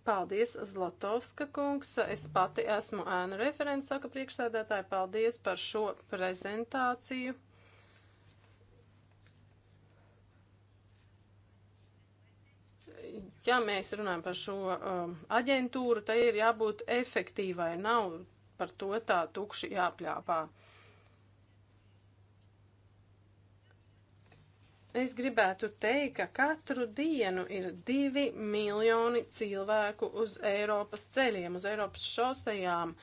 Paldies, Zlatovska kungs. Es pati esmu ēnu referents, saka priekšsēdētāji. Paldies par šo prezentāciju. ja mēs runājam par šo um, aģentūru, tai ir jābūt efektīvai, nav par to tā tukši jāpļāpā. Es gribētu teikt, ka katru dienu ir divi miljoni cilvēku uz Eiropas ceļiem, uz Eiropas šosejām.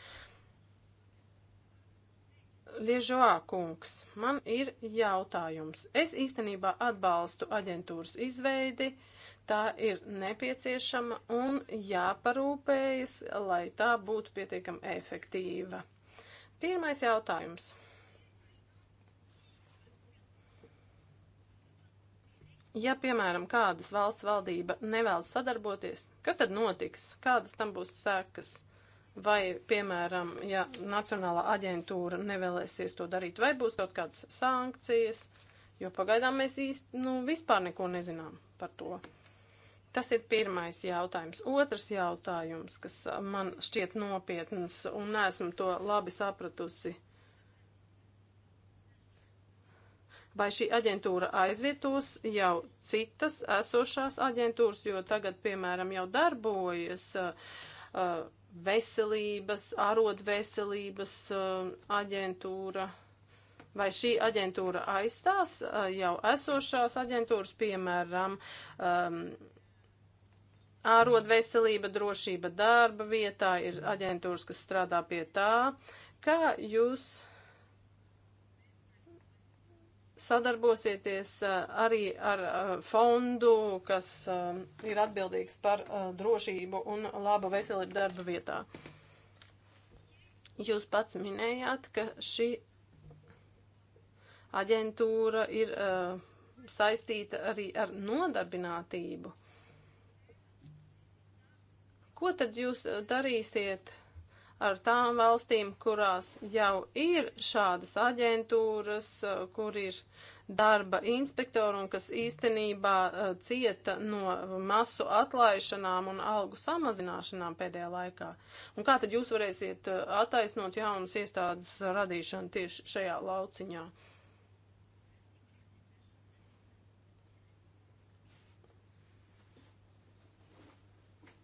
Liežoā kungs, man ir jautājums. Es īstenībā atbalstu aģentūras izveidi. Uh, tā ir nepieciešama un jāparūpējas, lai tā būtu pietiekami efektīva. Pirmais jautājums. Ja, piemēram, kādas valsts valdība nevēlas sadarboties, kas tad notiks? Kādas tam būs sekas? Vai, piemēram, ja Nacionālā aģentūra nevēlēsies to darīt, vai būs kaut kādas sankcijas, jo pagaidām mēs īsti, nu, vispār neko nezinām par to. Tas ir pirmais jautājums. Otrs jautājums, kas uh, man šķiet nopietns un nesmu to labi sapratusi. Vai šī aģentūra aizvietos jau citas esošās aģentūras, jo tagad, piemēram, jau darbojas uh, uh, veselības, arotveselības aģentūra? Vai šī aģentūra aizstās jau esošās aģentūras, piemēram, um, Ārodveselība, drošība darba vietā ir aģentūras, kas strādā pie tā. Kā jūs sadarbosieties uh, arī ar uh, fondu, kas um, ir atbildīgs par uh, drošību un labu veselību darba vietā? Jūs pats minējāt, ka šī aģentūra ir saistīta arī ar nodarbinātību. Ko tad jūs eh, darīsiet ar tām valstīm, kurās jau ir šādas aģentūras, eh, kur ir darba inspektori un kas īstenībā eh, cieta no masu atlaišanām un algu samazināšanām pēdējā laikā? Un kā tad jūs varēsiet attaisnot jaunas iestādes radīšanu tieši šajā lauciņā?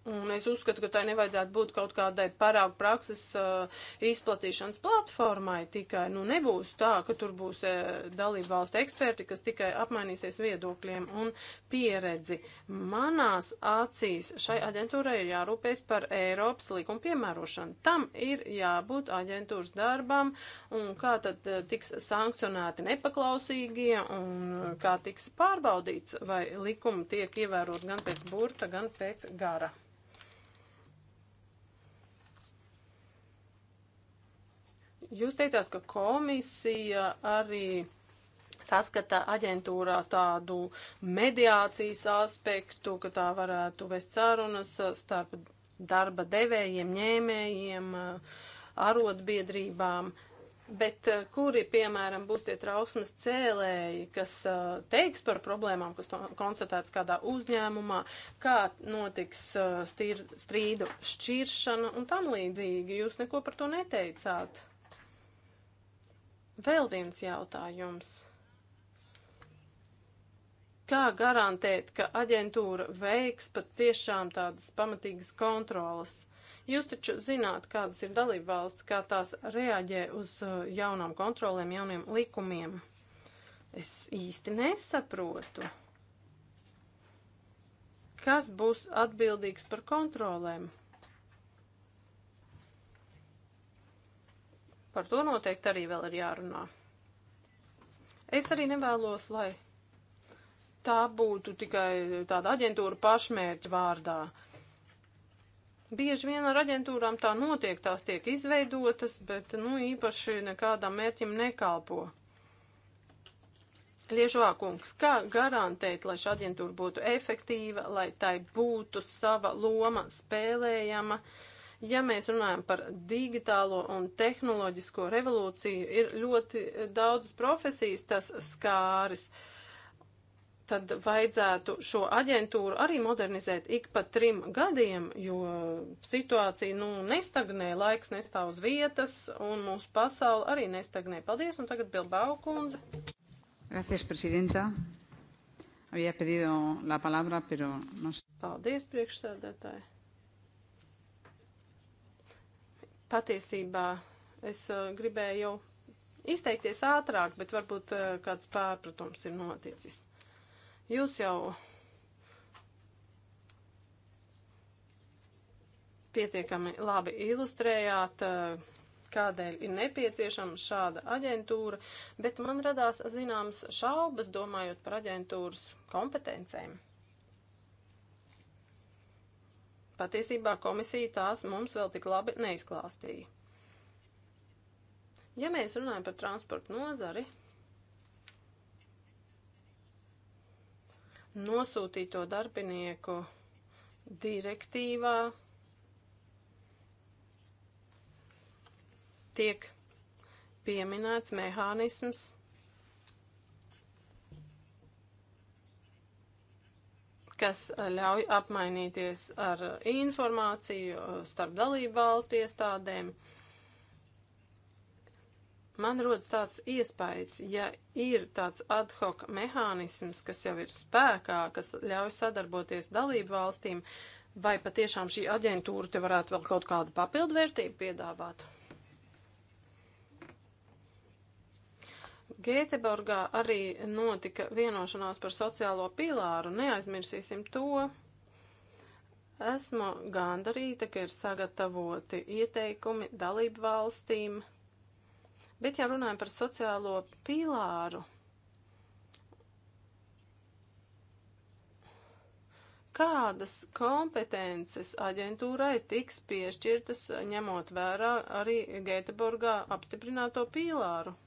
Un es uzskatu, ka tai nevajadzētu būt kaut kādai parāgu prakses uh, izplatīšanas platformai tikai. Nu, nebūs tā, ka tur būs uh, dalību valstu eksperti, kas tikai apmainīsies viedokļiem un pieredzi. Manās acīs šai aģentūrai ir jārūpēs par Eiropas likumu piemērošanu. Tam ir jābūt aģentūras darbam un kā tad uh, tiks sankcionēti nepaklausīgie un uh, kā tiks pārbaudīts, vai likumi tiek ievērot gan pēc burta, gan pēc gara. Jūs teicāt, ka komisija arī saskata aģentūrā tādu mediācijas aspektu, ka tā varētu vest sarunas starp darba devējiem, ņēmējiem, arotbiedrībām. Bet eh, kuri, piemēram, būs tie trausmas cēlēji, kas uh, teiks par problēmām, kas konstatēts kādā uzņēmumā, kā notiks uh, eh, stīr, strīdu šķiršana un tam līdzīgi? Jūs neko par to neteicāt. Vēl viens jautājums. Kā garantēt, ka aģentūra veiks pat tiešām tādas pamatīgas kontrolas? Jūs taču zināt, kādas ir dalība valsts, kā tās reaģē uz uh, jaunām kontrolēm, jauniem likumiem. Es īsti nesaprotu. Kas būs atbildīgs par kontrolēm? Par to noteikti arī vēl ir jārunā. Es arī nevēlos, lai tā būtu tikai tāda aģentūra pašmērķa vārdā. Bieži vien ar aģentūrām tā notiek, tās tiek izveidotas, bet nu, īpaši nekādam mērķim nekalpo. Liežvā kungs, kā garantēt, lai šī aģentūra būtu efektīva, lai tai būtu sava loma spēlējama? Uh, Ja mēs runājam par digitālo un tehnoloģisko revolūciju, ir ļoti daudz profesijas tas skāris. Tad vajadzētu šo aģentūru arī modernizēt ik pa trim gadiem, jo situācija nu, nestagnē, laiks nestāv uz vietas, un mūsu pasaule arī nestagnē. Paldies, un tagad Bilbao kundze. Gracias, presidenta. Había pedido la palabra, pero no sé. Paldies, priekšsēdētāji. Patiesībā es eh, gribēju jau izteikties ātrāk, bet varbūt eh, kāds pārpratums ir noticis. Jūs jau pietiekami labi ilustrējāt, eh, kādēļ ir nepieciešama šāda aģentūra, bet man radās zināmas šaubas, domājot par aģentūras kompetencēm. Patiesībā komisija tās mums vēl tik labi neizklāstīja. Ja mēs runājam par transportu nozari, nosūtīto darbinieku direktīvā tiek pieminēts mehānisms, kas eh, ļauj apmainīties ar eh, informāciju eh, starp dalību valstu iestādēm. Man rodas tāds iespējas, ja ir tāds ad hoc mehānisms, kas jau ir spēkā, kas ļauj sadarboties dalību valstīm, vai patiešām šī aģentūra te varētu vēl kaut kādu papildvērtību piedāvāt? Gēteborgā arī notika vienošanās par sociālo pilāru, neaizmirsīsim to. Esmu gandarīta, ka ir sagatavoti ieteikumi dalību valstīm, bet ja runājam par sociālo pilāru, kādas kompetences aģentūrai tiks piešķirtas, ņemot vērā arī Gēteborgā apstiprināto pīlāru?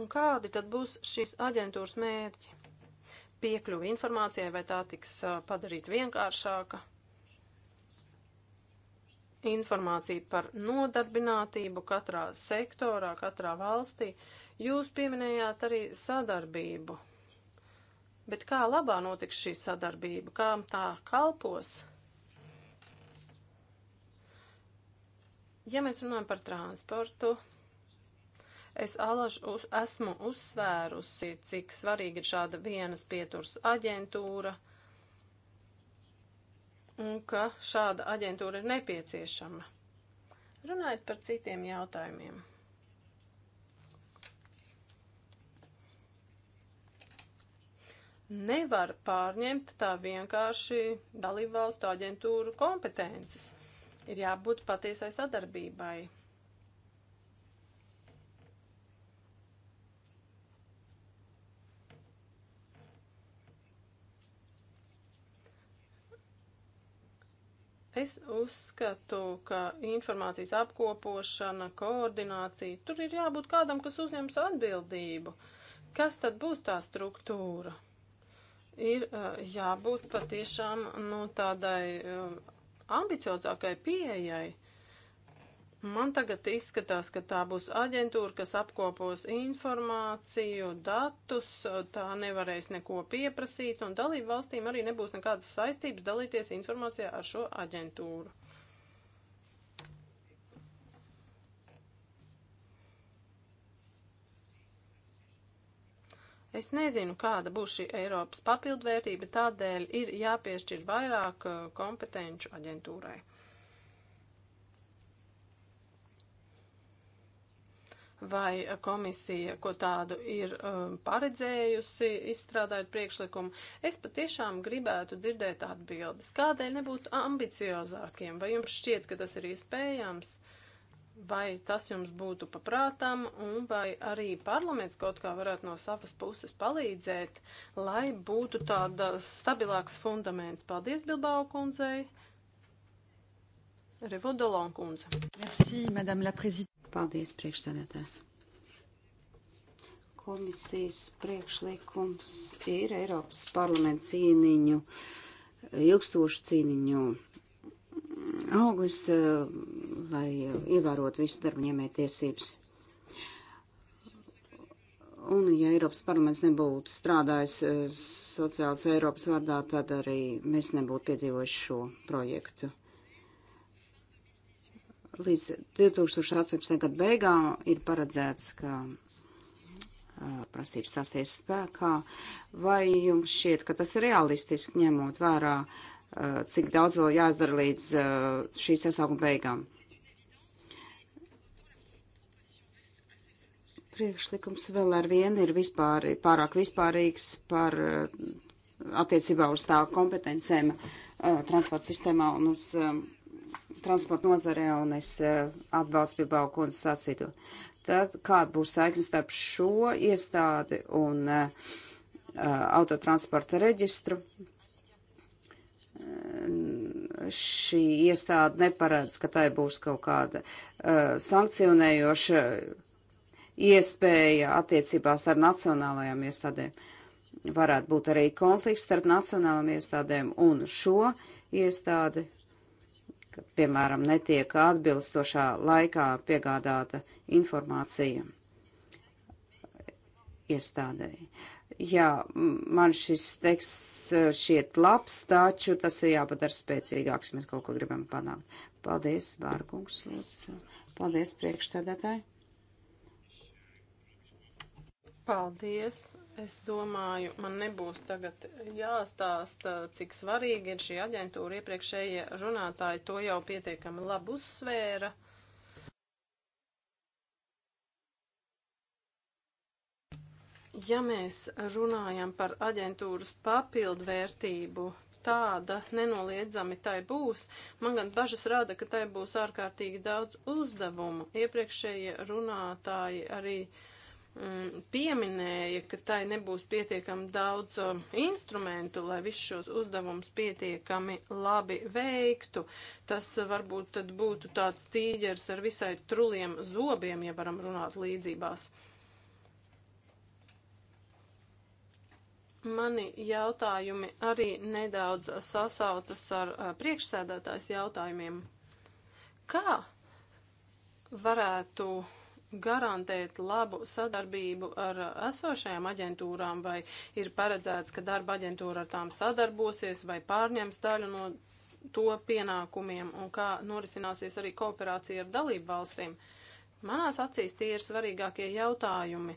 Un kādi tad būs šīs aģentūras mērķi? Piekļuvi informācijai, vai tā tiks padarīta vienkāršāka? Informācija par nodarbinātību katrā sektorā, katrā valstī. Jūs pieminējāt arī sadarbību. Bet kā labā notiks šī sadarbība, kām tā kalpos? Ja mēs runājam par transportu, Es alaž, uz, esmu uzsvērusi, cik svarīga ir šāda vienas pieturas aģentūra un ka šāda aģentūra ir nepieciešama. Runājot par citiem jautājumiem. Nevar pārņemt tā vienkārši dalībvalstu aģentūru kompetences. Ir jābūt patiesai sadarbībai Es uzskatu, ka informācijas apkopošana, koordinācija, tur ir jābūt kādam, kas uzņems atbildību. Kas tad būs tā struktūra? Ir jābūt patiešām nu, tādai ambiciozākai pieejai. Man tagad izskatās, ka tā būs aģentūra, kas apkopos informāciju, datus, tā nevarēs neko pieprasīt, un dalību valstīm arī nebūs nekādas saistības dalīties informācijā ar šo aģentūru. Es nezinu, kāda būs šī Eiropas papildvērtība, tādēļ ir jāpiešķir vairāk eh, kompetenču aģentūrai. vai komisija ko tādu ir um, paredzējusi, izstrādājot priekšlikumu. Es patiešām gribētu dzirdēt atbildes. Kādēļ nebūtu ambiciozākiem? Vai jums šķiet, ka tas ir iespējams? Vai tas jums būtu paprātām, un vai arī parlaments kaut kā varētu no savas puses palīdzēt, lai būtu tāda stabilāks fundaments? Paldies, Bilbao kundzei! Revodolon kundze. Merci, madame la présidente. Paldies, priekšsēdētāji. Komisijas priekšlikums ir Eiropas parlamenta cīniņu, ilgstošu cīniņu auglis, eh, lai ievērot visu darbu ņēmē tiesības. Un, ja Eiropas parlaments nebūtu strādājis eh, sociālas Eiropas vārdā, tad arī mēs nebūtu piedzīvojuši šo projektu. Līdz 2018. gada beigām ir paredzēts, ka prasības stāsies spēkā. Vai jums šķiet, ka tas ir realistiski ņemot vērā, cik daudz vēl jāizdara līdz šīs sasaukuma beigām? Priekšlikums vēl ar vienu ir vispār, pārāk vispārīgs par attiecībā uz tā kompetencēm transporta sistēmā un uz transporta nozarē, un es eh, atbalstu Bilbao kundzes sacīto. Tad kāda būs saikne starp šo iestādi un uh, autotransporta reģistru? Šī iestāde neparedz, ka tai būs kaut kāda uh, sankcionējoša iespēja attiecībās ar nacionālajām iestādēm. Varētu būt arī konflikts starp nacionālām iestādēm un šo iestādi ka, piemēram, netiek atbilstošā laikā piegādāta informācija iestādēji. Jā, man šis teksts eh, šiet labs, taču tas ir jāpadara spēcīgāks, mēs kaut ko gribam panākt. Paldies, Vārkungs, lūdzu. Paldies, priekšsēdētāji. Paldies. Es domāju, man nebūs tagad jāstāsta, cik svarīgi ir šī aģentūra. Iepriekšējie runātāji to jau pietiekami labi uzsvēra. Ja mēs runājam par aģentūras papildvērtību, tāda nenoliedzami tai būs. Man gan bažas rāda, ka tai būs ārkārtīgi daudz uzdevumu. Iepriekšējie runātāji arī uh, Mm, pieminēja, ka tai nebūs pietiekami daudz um, instrumentu, lai visus šos uzdevumus pietiekami labi veiktu. Tas uh, varbūt tad būtu tāds tīģers ar visai truliem zobiem, ja varam runāt līdzībās. Mani jautājumi arī nedaudz sasaucas ar uh, priekšsēdētājs jautājumiem. Kā varētu uh, garantēt labu sadarbību ar esošajām aģentūrām, vai ir paredzēts, ka darba aģentūra ar tām sadarbosies vai pārņems daļu no to pienākumiem, un kā norisināsies arī kooperācija ar dalību valstīm. Manās acīs tie ir svarīgākie jautājumi.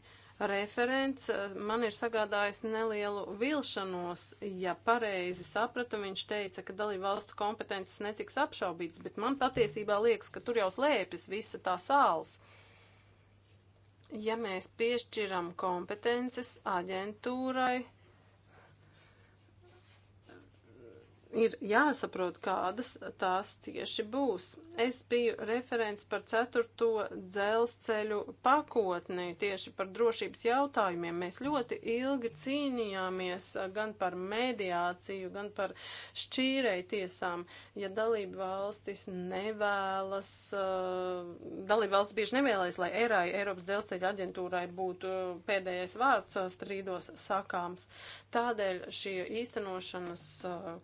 Referents eh, man ir sagādājis nelielu vilšanos, ja pareizi sapratu, viņš teica, ka dalību valstu kompetences netiks apšaubīts, bet man patiesībā liekas, ka tur jau slēpjas visa tā sāls ja mēs piešķiram kompetences aģentūrai, ir jāsaprot, kādas tās tieši būs. Es biju referents par ceturto dzelzceļu pakotni tieši par drošības jautājumiem. Mēs ļoti ilgi cīnījāmies gan par mediāciju, gan par šķīrei tiesām. Ja dalība valstis nevēlas, dalība valsts bieži nevēlas, lai ERAI, Eiropas dzelzceļa aģentūrai, būtu pēdējais vārds strīdos sakāms. Tādēļ šie īstenošanas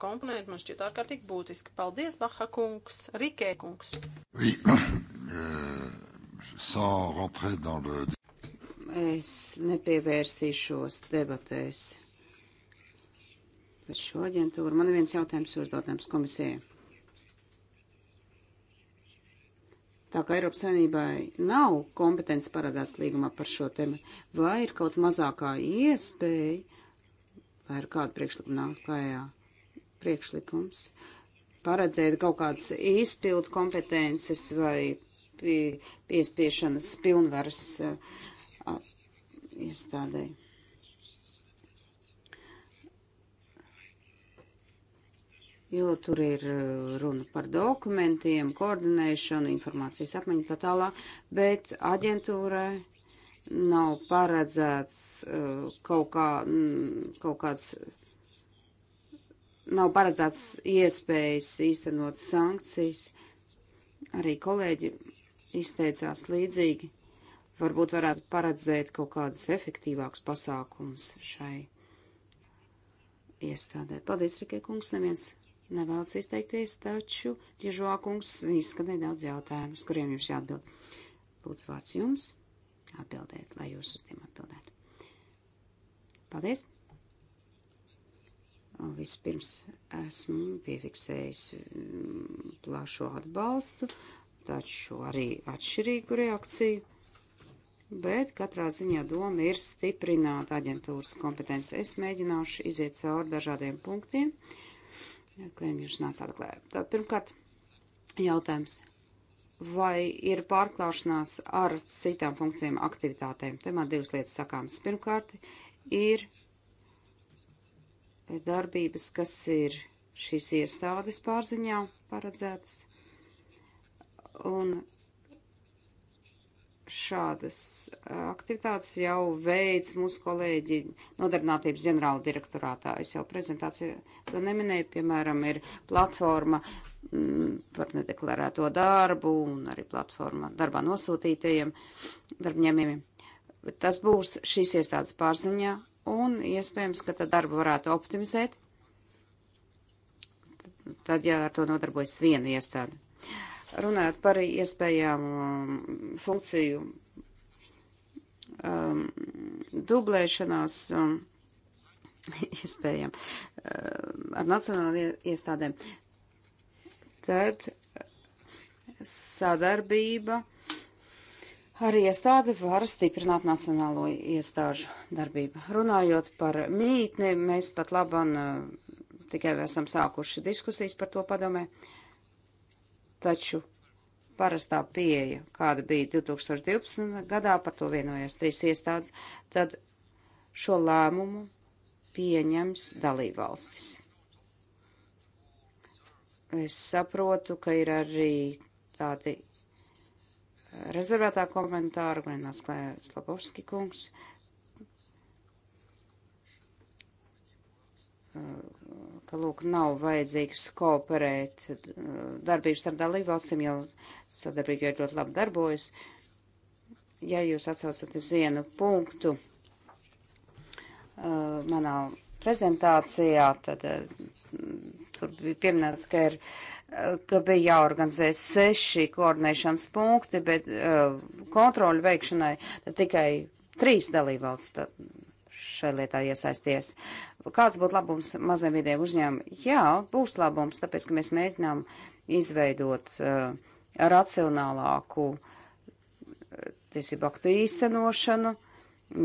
komponenti man šķiet ārkārtīgi būtiski. Paldies, Baha kungs, Rikē kungs kungs. Oui. Euh, es nepievērsīšos debatēs par šo aģentūru. Man ir viens jautājums uzdotams komisijai. Tā kā Eiropas Savienībai nav kompetence parādās līgumā par šo tēmu, vai ir kaut mazākā iespēja, vai ir kāda priekšlikuma nāk klājā priekšlikums, paredzēt kaut kādas izpildu kompetences vai pie, piespiešanas pilnvaras uh, uh, iestādē. Jo tur ir uh, runa par dokumentiem, koordinēšanu, informācijas apmaiņu tā tālāk, bet aģentūrai nav paredzēts uh, kaut, kā, m, mm, kaut kāds nav paredzēts iespējas īstenot sankcijas. Arī kolēģi izteicās līdzīgi. Varbūt varētu paredzēt kaut kādus efektīvākus pasākumus šai iestādē. Paldies, Rikai kungs, neviens nevēlas izteikties, taču Diežoā kungs izskat nedaudz jautājumus, kuriem jums jāatbild. Lūdzu, vārds jums atbildēt, lai jūs uz tiem atbildētu. Paldies! Vispirms esmu piefiksējis mm, plašu atbalstu, taču arī atšķirīgu reakciju, bet katrā ziņā doma ir stiprināt aģentūras kompetenci. Es mēģināšu iziet cauri dažādiem punktiem, kuriem jūs nācāt klāt. Tad pirmkārt jautājums, vai ir pārklāšanās ar citām funkcijām aktivitātēm? Te man divas lietas sakāmas. Pirmkārt, ir darbības, kas ir šīs iestādes pārziņā paredzētas. Un šādas aktivitātes jau veids mūsu kolēģi nodarbinātības ģenerāla direktorātā. Es jau prezentāciju to neminēju, piemēram, ir platforma mm, par nedeklarēto darbu un arī platforma darbā nosūtītajiem darbņēmiem. Tas būs šīs iestādes pārziņā, un iespējams, ka tad darbu varētu optimizēt, tad, ja ar to nodarbojas viena iestāde. Runājot par iespējām um, funkciju um, dublēšanās, um, iespējām um, ar nacionālajiem iestādēm, tad uh, sadarbība Arī iestāde var stiprināt nacionālo iestāžu darbību. Runājot par mītni, mēs pat labam eh, tikai esam sākuši diskusijas par to padomē. Taču parastā pieeja, kāda bija 2012. gadā, par to vienojās trīs iestādes, tad šo lēmumu pieņems dalībvalstis. Es saprotu, ka ir arī tādi rezervētā komentāra, Glenas Slabovski kungs. ka, lūk, nav vajadzīgs kooperēt darbības starp dalībvalstīm, jo sadarbība jau ļoti labi darbojas. Ja jūs atsaucat uz vienu punktu manā prezentācijā, tad tur bija pieminēts, ka ir ka bija jāorganizē seši koordinēšanas punkti, bet uh, kontroļu veikšanai tikai trīs dalībvalsts šai lietā iesaisties. Kāds būtu labums maziem vidiem uzņēmumiem? Jā, būs labums, tāpēc, ka mēs mēģinām izveidot uh, racionālāku uh, tiesību aktu īstenošanu,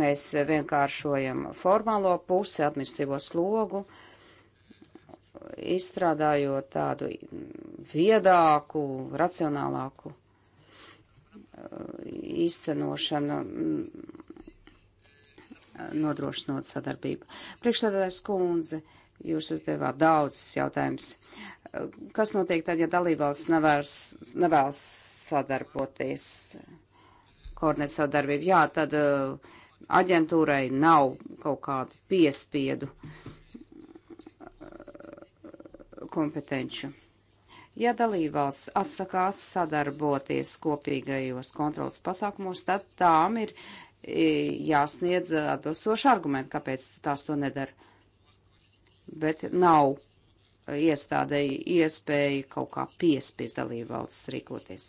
mēs vienkāršojam formālo pusi, administratīvo slogu, uh, izstrādājot tādu viedāku, racionālāku uh, īstenošanu, mm, nodrošinot sadarbību. Priekšstādātājs kundze, jūs uzdevāt daudzas jautājumas. Uh, kas notiek tad, ja dalībvalsts nevēlas, nevēlas sadarboties, koordinēt sadarbību? Jā, tad uh, aģentūrai nav kaut kādu piespiedu. Uh, kompetenču. Ja dalībvalsts atsakās sadarboties kopīgajos kontrolas pasākumos, tad tām ir jāsniedz atbilstoši argumenti, kāpēc tās to nedara. Bet nav iestādēji iespēja kaut kā piespies dalībvalsts rīkoties.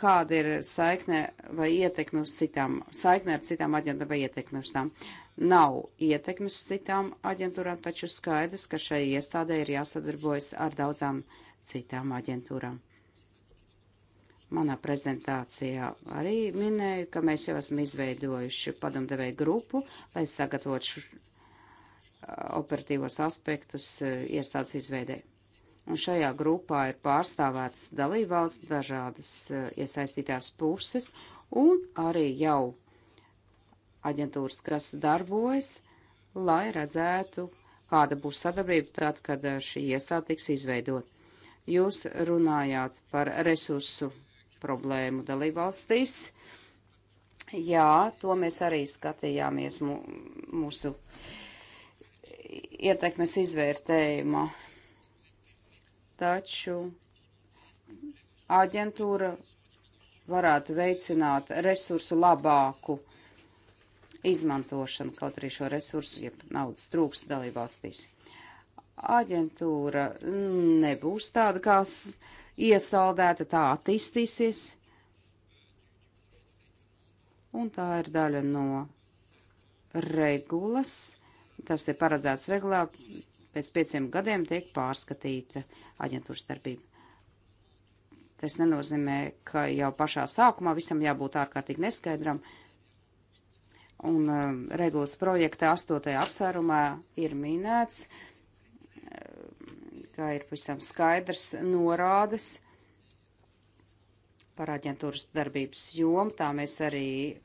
Kāda ir saikne vai ietekme uz citām, saikne ar citām aģentām vai ietekme uz tām? Uh, nav ietekmes citām aģentūrām, taču skaidrs, ka šai iestādē ir jāsadarbojas ar daudzām citām aģentūrām. Manā prezentācijā arī minēju, ka mēs jau esam izveidojuši padomdevēju grupu, lai sagatavotu uh, operatīvos aspektus uh, iestādes izveidēji un šajā grupā ir pārstāvētas dalībvalsts, dažādas uh, iesaistītās puses, un arī jau aģentūras, kas darbojas, lai redzētu, kāda būs sadarbība tad, kad eh, šī iestāde tiks izveidot. Jūs runājāt par resursu problēmu dalībvalstīs. Jā, to mēs arī skatījāmies mu, mūsu ietekmes izvērtējumā. Taču aģentūra varētu veicināt resursu labāku izmantošanu, kaut arī šo resursu, ja naudas trūks dalībvalstīs. Aģentūra nebūs tāda, kā iesaldēta, tā attīstīsies. Un tā ir daļa no regulas. Tas ir paredzēts regulā. Pēc pieciem gadiem tiek pārskatīta aģentūras darbība. Tas nenozīmē, ka jau pašā sākumā visam jābūt ārkārtīgi neskaidram. Uh, Un uh, regulas projekta astotajā apsvērumā ir minēts, uh, eh, kā ir pavisam skaidrs norādes par aģentūras darbības jomu. Tā mēs arī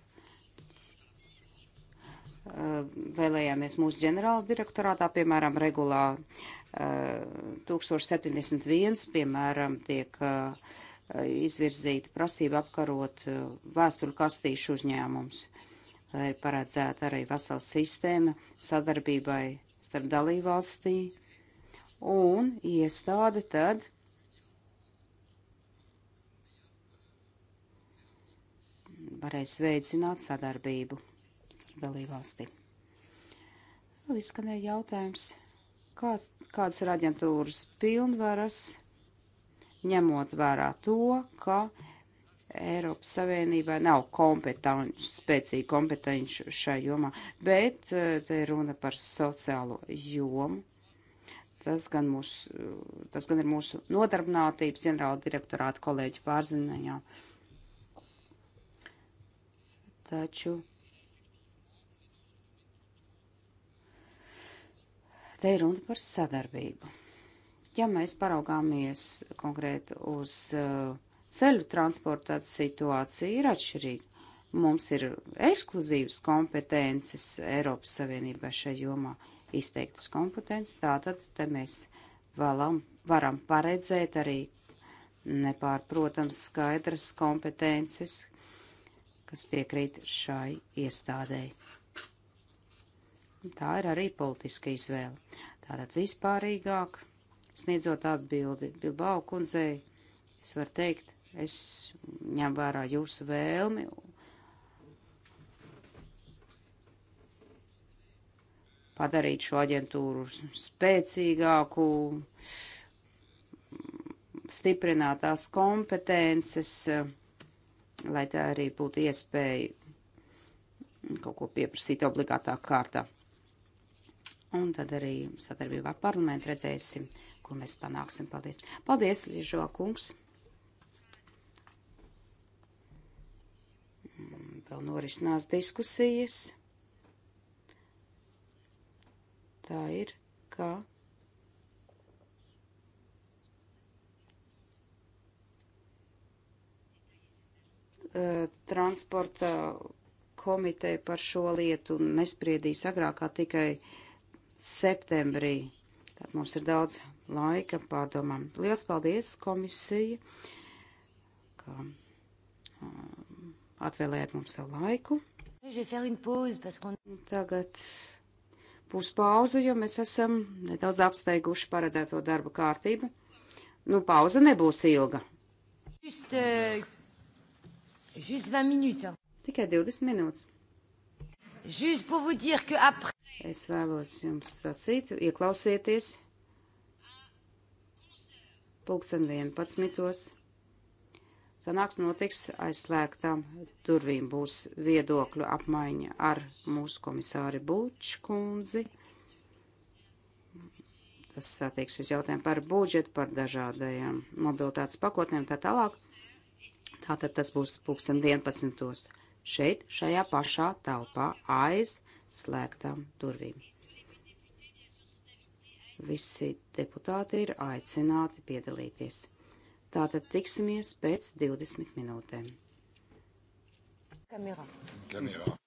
uh, vēlējāmies mūsu ģenerāla direktorātā, piemēram, regulā 1071, piemēram, tiek izvirzīta prasība apkarot vēstuļu kastīšu uzņēmums. Tā ir paredzēta arī vesela sistēma sadarbībai starp dalībvalstī un iestāde tad varēs veicināt sadarbību starp dalībvalstī. Vēl izskanēja jautājums, kāds, kāds ir aģentūras pilnvaras, ņemot vērā to, ka Eiropas Savienībā nav kompetenci, spēcīgi kompetenci šajā jomā, bet eh, te runa par sociālo jomu. Tas gan, mūs, eh, tas gan ir mūsu nodarbinātības ģenerāla direktorāta kolēģi pārziņā. Taču te ir runa par sadarbību. Ja mēs paraugāmies konkrēti uz uh, Ceļu transporta situācija ir atšķirīga. Mums ir ekskluzīvas kompetences Eiropas Savienībā šajā jomā, izteiktas kompetences, tātad te mēs valam, varam paredzēt arī nepārprotams skaidras kompetences, kas piekrīt šai iestādēji. Tā ir arī politiska izvēle. Tātad vispārīgāk, sniedzot atbildi Bilbao kundzei, es varu teikt, Es ņem vērā jūsu vēlmi. Padarīt šo aģentūru spēcīgāku, stiprināt tās kompetences, lai tā arī būtu iespēja kaut ko pieprasīt obligātā kārtā. Un tad arī sadarbībā ar parlamentu redzēsim, ko mēs panāksim. Paldies! Paldies, Liežo kungs! Vēl norisinās diskusijas. Tā ir, kā eh, transporta komiteja par šo lietu nespriedīs agrāk kā tikai septembrī. Tad mums ir daudz laika pārdomām. Lielas paldies komisija, ka eh, atvēlējāt mums savu laiku. Tagad būs pauze, jo mēs esam nedaudz apsteiguši paredzēto darba kārtību. Nu, pauze nebūs ilga. Just, uh, just 20 minutes. Tikai 20 minūtes. Just pour vous dire que après... Es vēlos jums sacīt, ieklausieties pulksten 11. Sanāks notiks aizslēgtām durvīm būs viedokļu apmaiņa ar mūsu komisāri Bučkundzi. Tas attieksies jautājumu par budžetu, par dažādajām mobilitātes pakotnēm tā tālāk. Tātad tas būs pulksten 11. šeit, šajā pašā telpā aiz slēgtām durvīm. Visi deputāti ir aicināti piedalīties. Tātad tiksimies pēc 20 minūtēm. Kamerā. Kamerā.